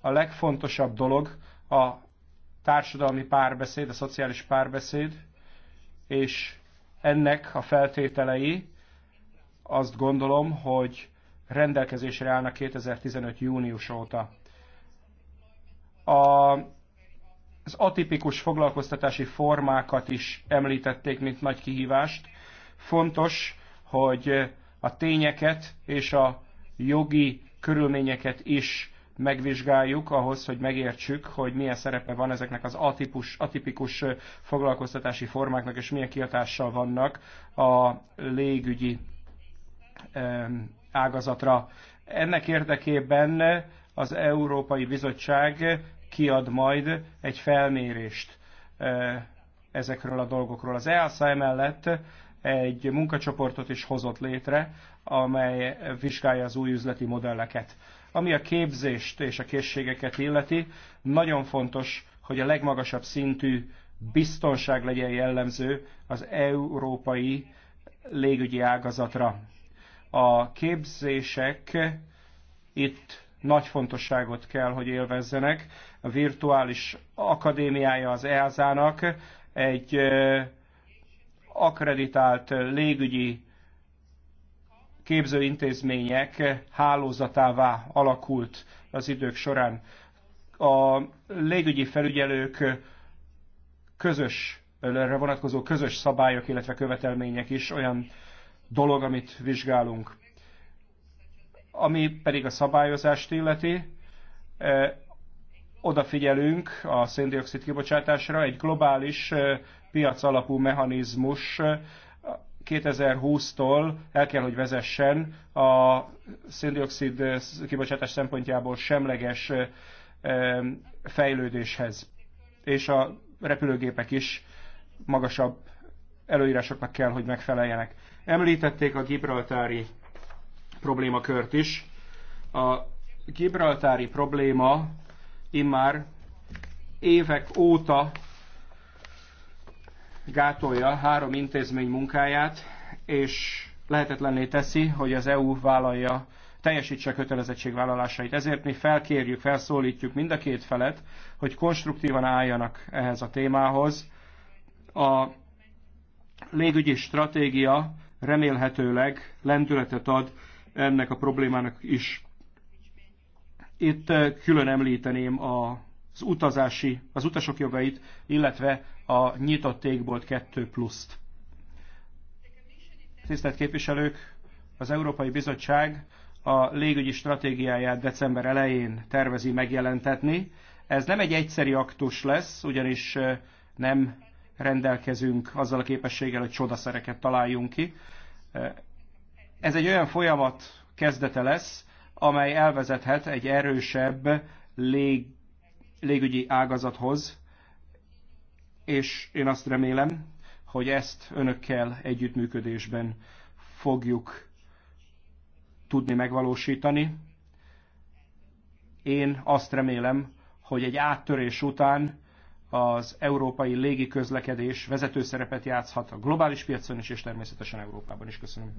a legfontosabb dolog a társadalmi párbeszéd, a szociális párbeszéd, és ennek a feltételei azt gondolom, hogy rendelkezésre állnak 2015. június óta. A, az atipikus foglalkoztatási formákat is említették, mint nagy kihívást. Fontos, hogy a tényeket és a jogi körülményeket is megvizsgáljuk ahhoz, hogy megértsük, hogy milyen szerepe van ezeknek az atipus, atipikus foglalkoztatási formáknak, és milyen kiatással vannak a légügyi ágazatra. Ennek érdekében az Európai Bizottság kiad majd egy felmérést eh, ezekről a dolgokról. Az EASA emellett egy munkacsoportot is hozott létre, amely vizsgálja az új üzleti modelleket. Ami a képzést és a készségeket illeti, nagyon fontos, hogy a legmagasabb szintű biztonság legyen jellemző az európai légügyi ágazatra. A képzések itt nagy fontosságot kell, hogy élvezzenek. A virtuális akadémiája az EASA-nak egy akreditált légügyi képzőintézmények hálózatává alakult az idők során. A légügyi felügyelők közös, erre vonatkozó közös szabályok, illetve követelmények is olyan dolog, amit vizsgálunk. Ami pedig a szabályozást illeti, eh, odafigyelünk a széndiokszid kibocsátásra, egy globális eh, piac alapú mechanizmus 2020-tól eh, el kell, hogy vezessen a széndiokszid kibocsátás szempontjából semleges fejlődéshez. És a repülőgépek is magasabb előírásoknak kell, hogy megfeleljenek. Említették a gibraltári problémakört is. A gibraltári probléma immár évek óta gátolja három intézmény munkáját, és lehetetlenné teszi, hogy az EU vállalja, teljesítse kötelezettségvállalásait. Ezért mi felkérjük, felszólítjuk mind a két felet, hogy konstruktívan álljanak ehhez a témához. A légügyi stratégia remélhetőleg lendületet ad ennek a problémának is. Itt eh, külön említeném az utazási, az utasok jogait, illetve a nyitott égbolt 2 pluszt. Tisztelt képviselők, az Európai Bizottság a légügyi stratégiáját december elején tervezi megjelentetni. Ez nem egy egyszeri aktus lesz, ugyanis eh, nem rendelkezünk azzal a képességgel, hogy csodaszereket találjunk ki. Ez egy olyan folyamat kezdete lesz, amely elvezethet egy erősebb lég, légügyi ágazathoz, és én azt remélem, hogy ezt önökkel együttműködésben fogjuk tudni megvalósítani. Én azt remélem, hogy egy áttörés után az európai légiközlekedés vezető szerepet játszhat a globális piacon is, és természetesen Európában is. Köszönöm.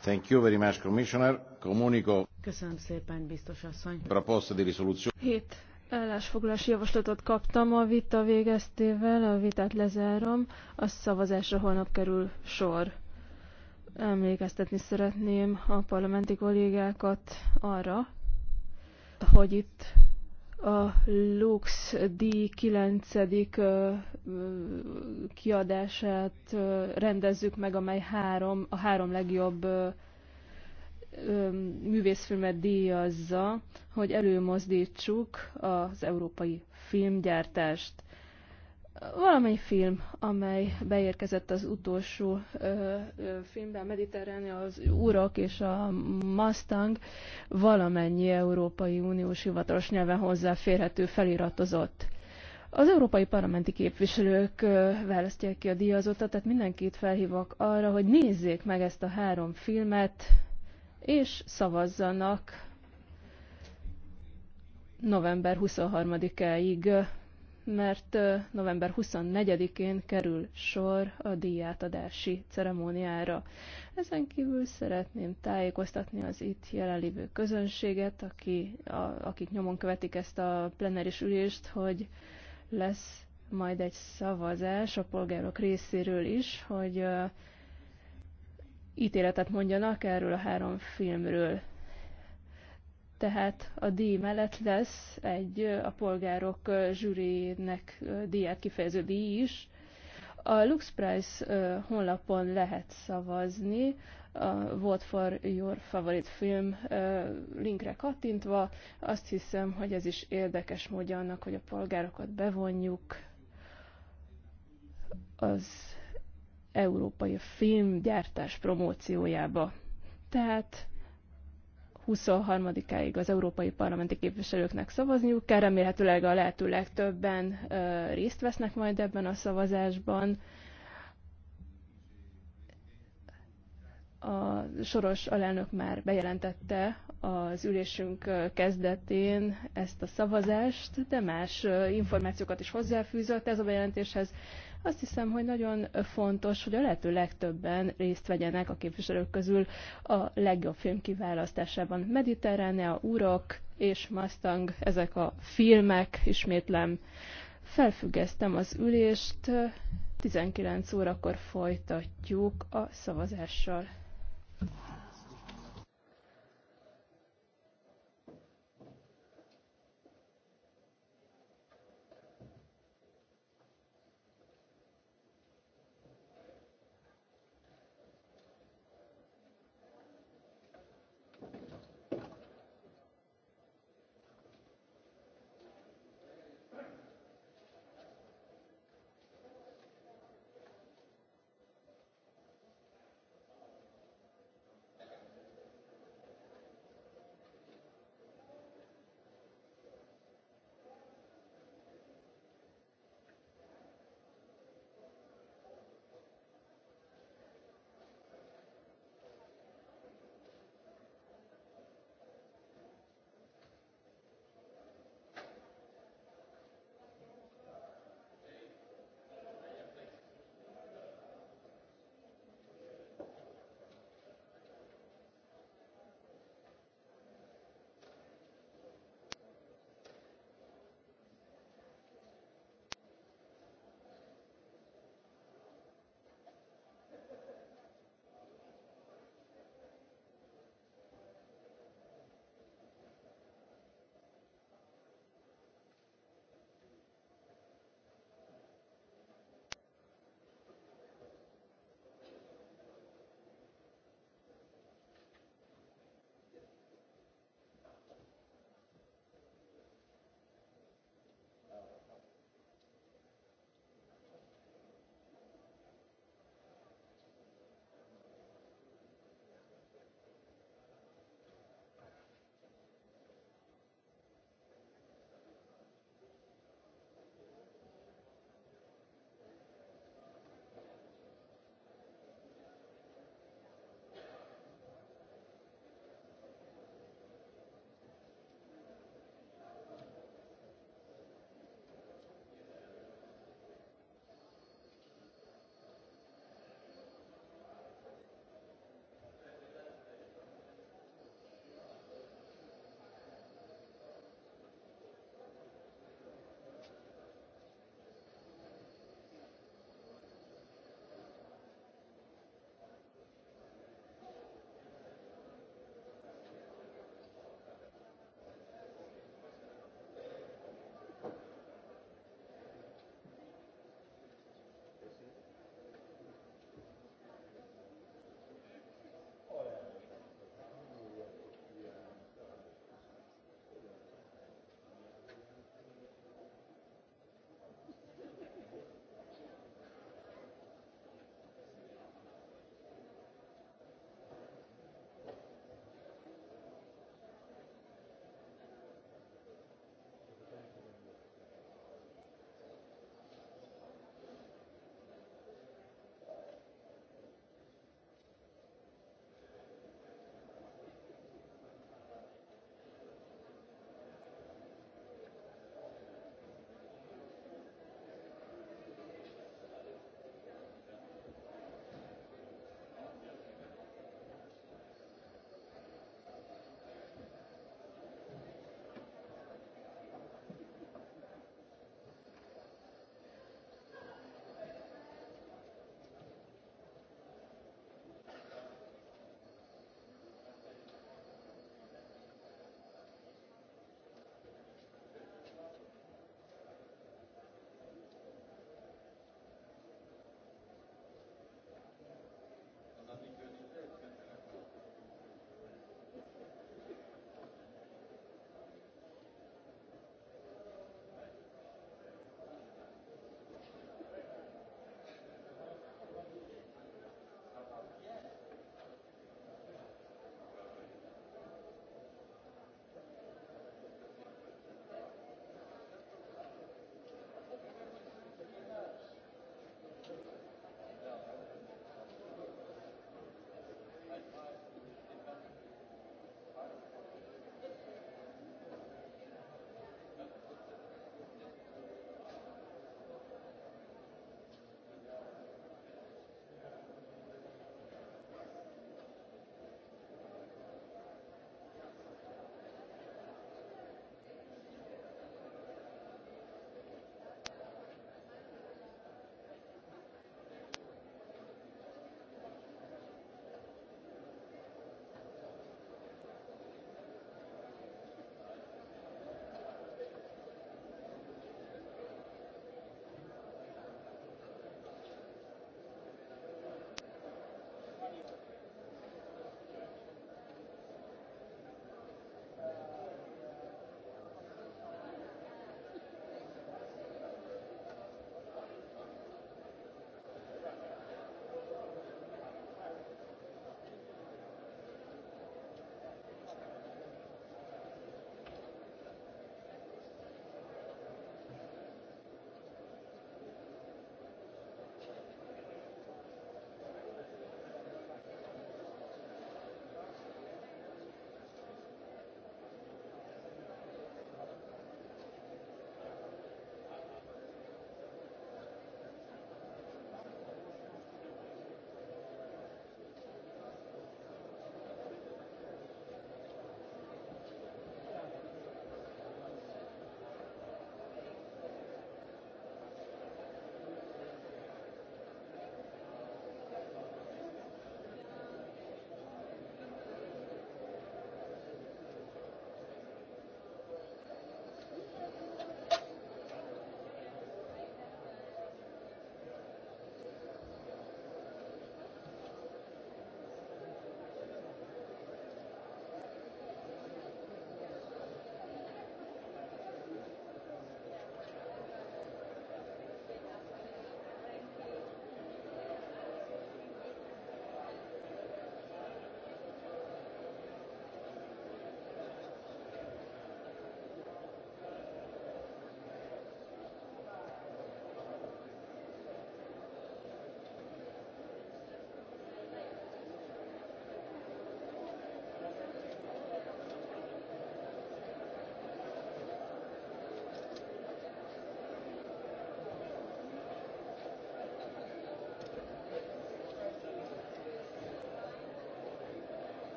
Thank you very much, Commissioner. Comunico. Köszönöm szépen, biztos asszony. Proposta di risoluzio. Hét állásfoglalási javaslatot kaptam a vita végeztével, a vitát lezárom, a szavazásra holnap kerül sor. Emlékeztetni szeretném a parlamenti kollégákat arra, hogy itt a Lux D 9. kiadását rendezzük meg, amely három, a három legjobb művészfilmet díjazza, hogy előmozdítsuk az európai filmgyártást valamennyi film, amely beérkezett az utolsó ö, ö, filmben, Mediterrán, az Urok és a Mustang, valamennyi Európai Uniós hivatalos nyelven hozzáférhető feliratozott. Az európai parlamenti képviselők ö, választják ki a díjazottat, tehát mindenkit felhívok arra, hogy nézzék meg ezt a három filmet, és szavazzanak november 23-áig mert november 24-én kerül sor a díjátadási ceremóniára. Ezen kívül szeretném tájékoztatni az itt jelenlévő közönséget, aki, a, akik nyomon követik ezt a plenáris ülést, hogy lesz majd egy szavazás a polgárok részéről is, hogy uh, ítéletet mondjanak erről a három filmről tehát a díj mellett lesz egy a polgárok zsűrének díját kifejező díj is. A Lux Price honlapon lehet szavazni, a Vote for Your Favorite Film linkre kattintva. Azt hiszem, hogy ez is érdekes módja annak, hogy a polgárokat bevonjuk az európai filmgyártás promóciójába. Tehát 23-áig az európai parlamenti képviselőknek szavazniuk kell. Remélhetőleg a lehető legtöbben részt vesznek majd ebben a szavazásban. A soros alelnök már bejelentette az ülésünk kezdetén ezt a szavazást, de más információkat is hozzáfűzött ez a bejelentéshez. Azt hiszem, hogy nagyon fontos, hogy a lehető legtöbben részt vegyenek a képviselők közül a legjobb film kiválasztásában. Mediterránea, Urok és Mustang, ezek a filmek, ismétlem, felfüggesztem az ülést, 19 órakor folytatjuk a szavazással.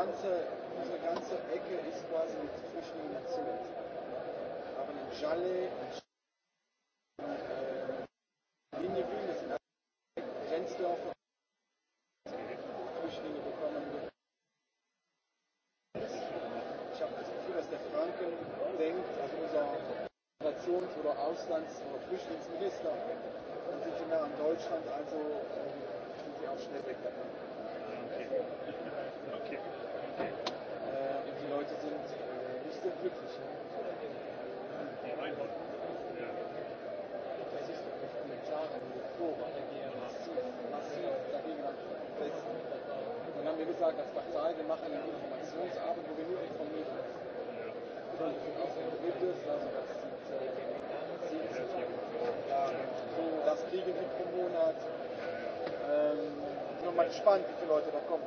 ganze, unsere ganze Ecke ist quasi zwischen den erzählt. Wir haben in Jalle, in sagen als wir machen eine Informationsarbeit, wo wir nur informieren. also das äh, äh, kriegen pro Monat. Ähm, ich bin mal gespannt, wie viele Leute da kommen.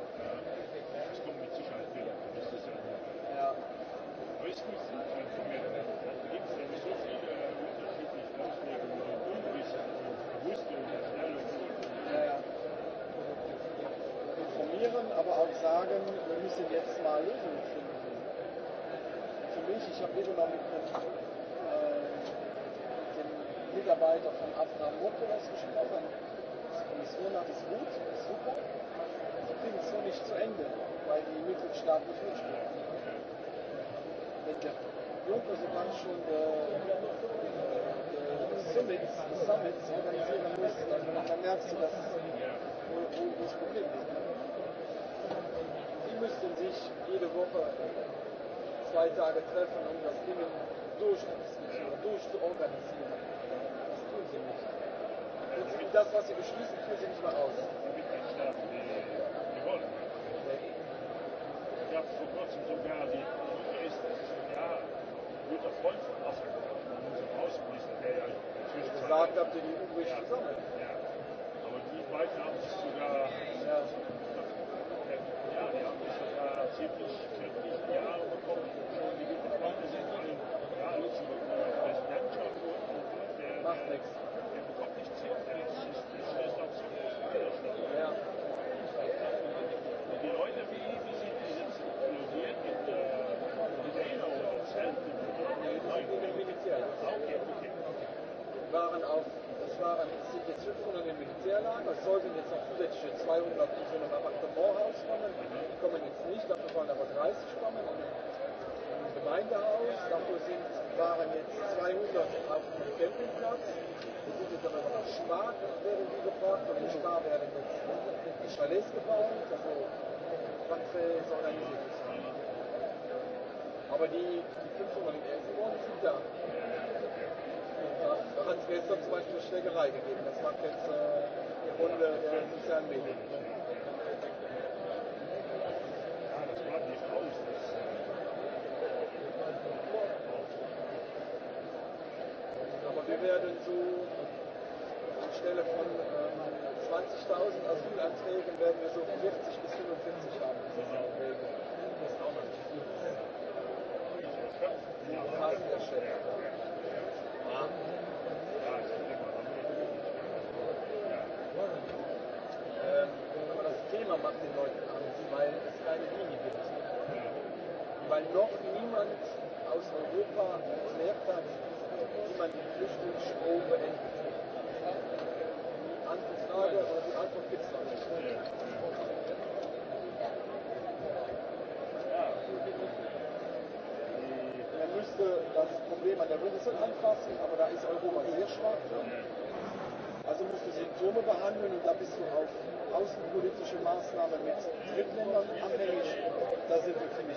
aber auch sagen, wir müssen jetzt mal Lösungen finden. Für mich, ich habe wieder mal mit dem, äh, dem Mitarbeiter von Abraham Mokolas gesprochen, also die Kommission hat es gut, ist super, sie kriegen es so nicht zu Ende, weil die Mitgliedstaaten nicht mitspielen. Wenn der Juncker sogar schon äh, äh, Summits, Summits organisieren muss, dann, dann merkst du, dass, wo, wo das Problem ist müssten sich jede Woche zwei Tage treffen, um das Ding durchzuziehen, durchzuorganisieren. Das tun sie nicht. Und das, was sie beschließen, führen sie nicht mal aus. Ich habe vor kurzem sogar die ist ja guter Freund von Assad, unser Außenminister, der ja gesagt hat, die übrig gesammelt. sollten jetzt noch zusätzliche 200 die so einem Appartement auskommen, die kommen nicht. dafür waren aber 30 Schwammen im Gemeindehaus. dafür sind, waren jetzt 200 auf dem Campingplatz. Wir sind jetzt aber noch auf Spar, werden die gebracht. Und in Spar werden jetzt die Chalets gebaut. Also Frankfeld ist organisiert. Aber die, die 500 in Elsenborn sind da. Da hat es gestern zum Beispiel eine Schlägerei gegeben. Das macht jetzt äh, die Runde der sozialen Medien. werden so anstelle von äh, 20.000 Asylanträgen werden wir so 40 bis 45 haben. Das ist auch nicht viel. Thema macht weil Weil noch niemand aus Europa erklärt hat, man die Flüchtlingsstrom beenden. Die Anfrage oder die Er müsste das Problem an der Brüssel anfassen, aber da ist Europa sehr schwach Also musst Symptome behandeln und da bist du auf außenpolitische Maßnahmen mit Drittländern abhängig. Da sind wir ziemlich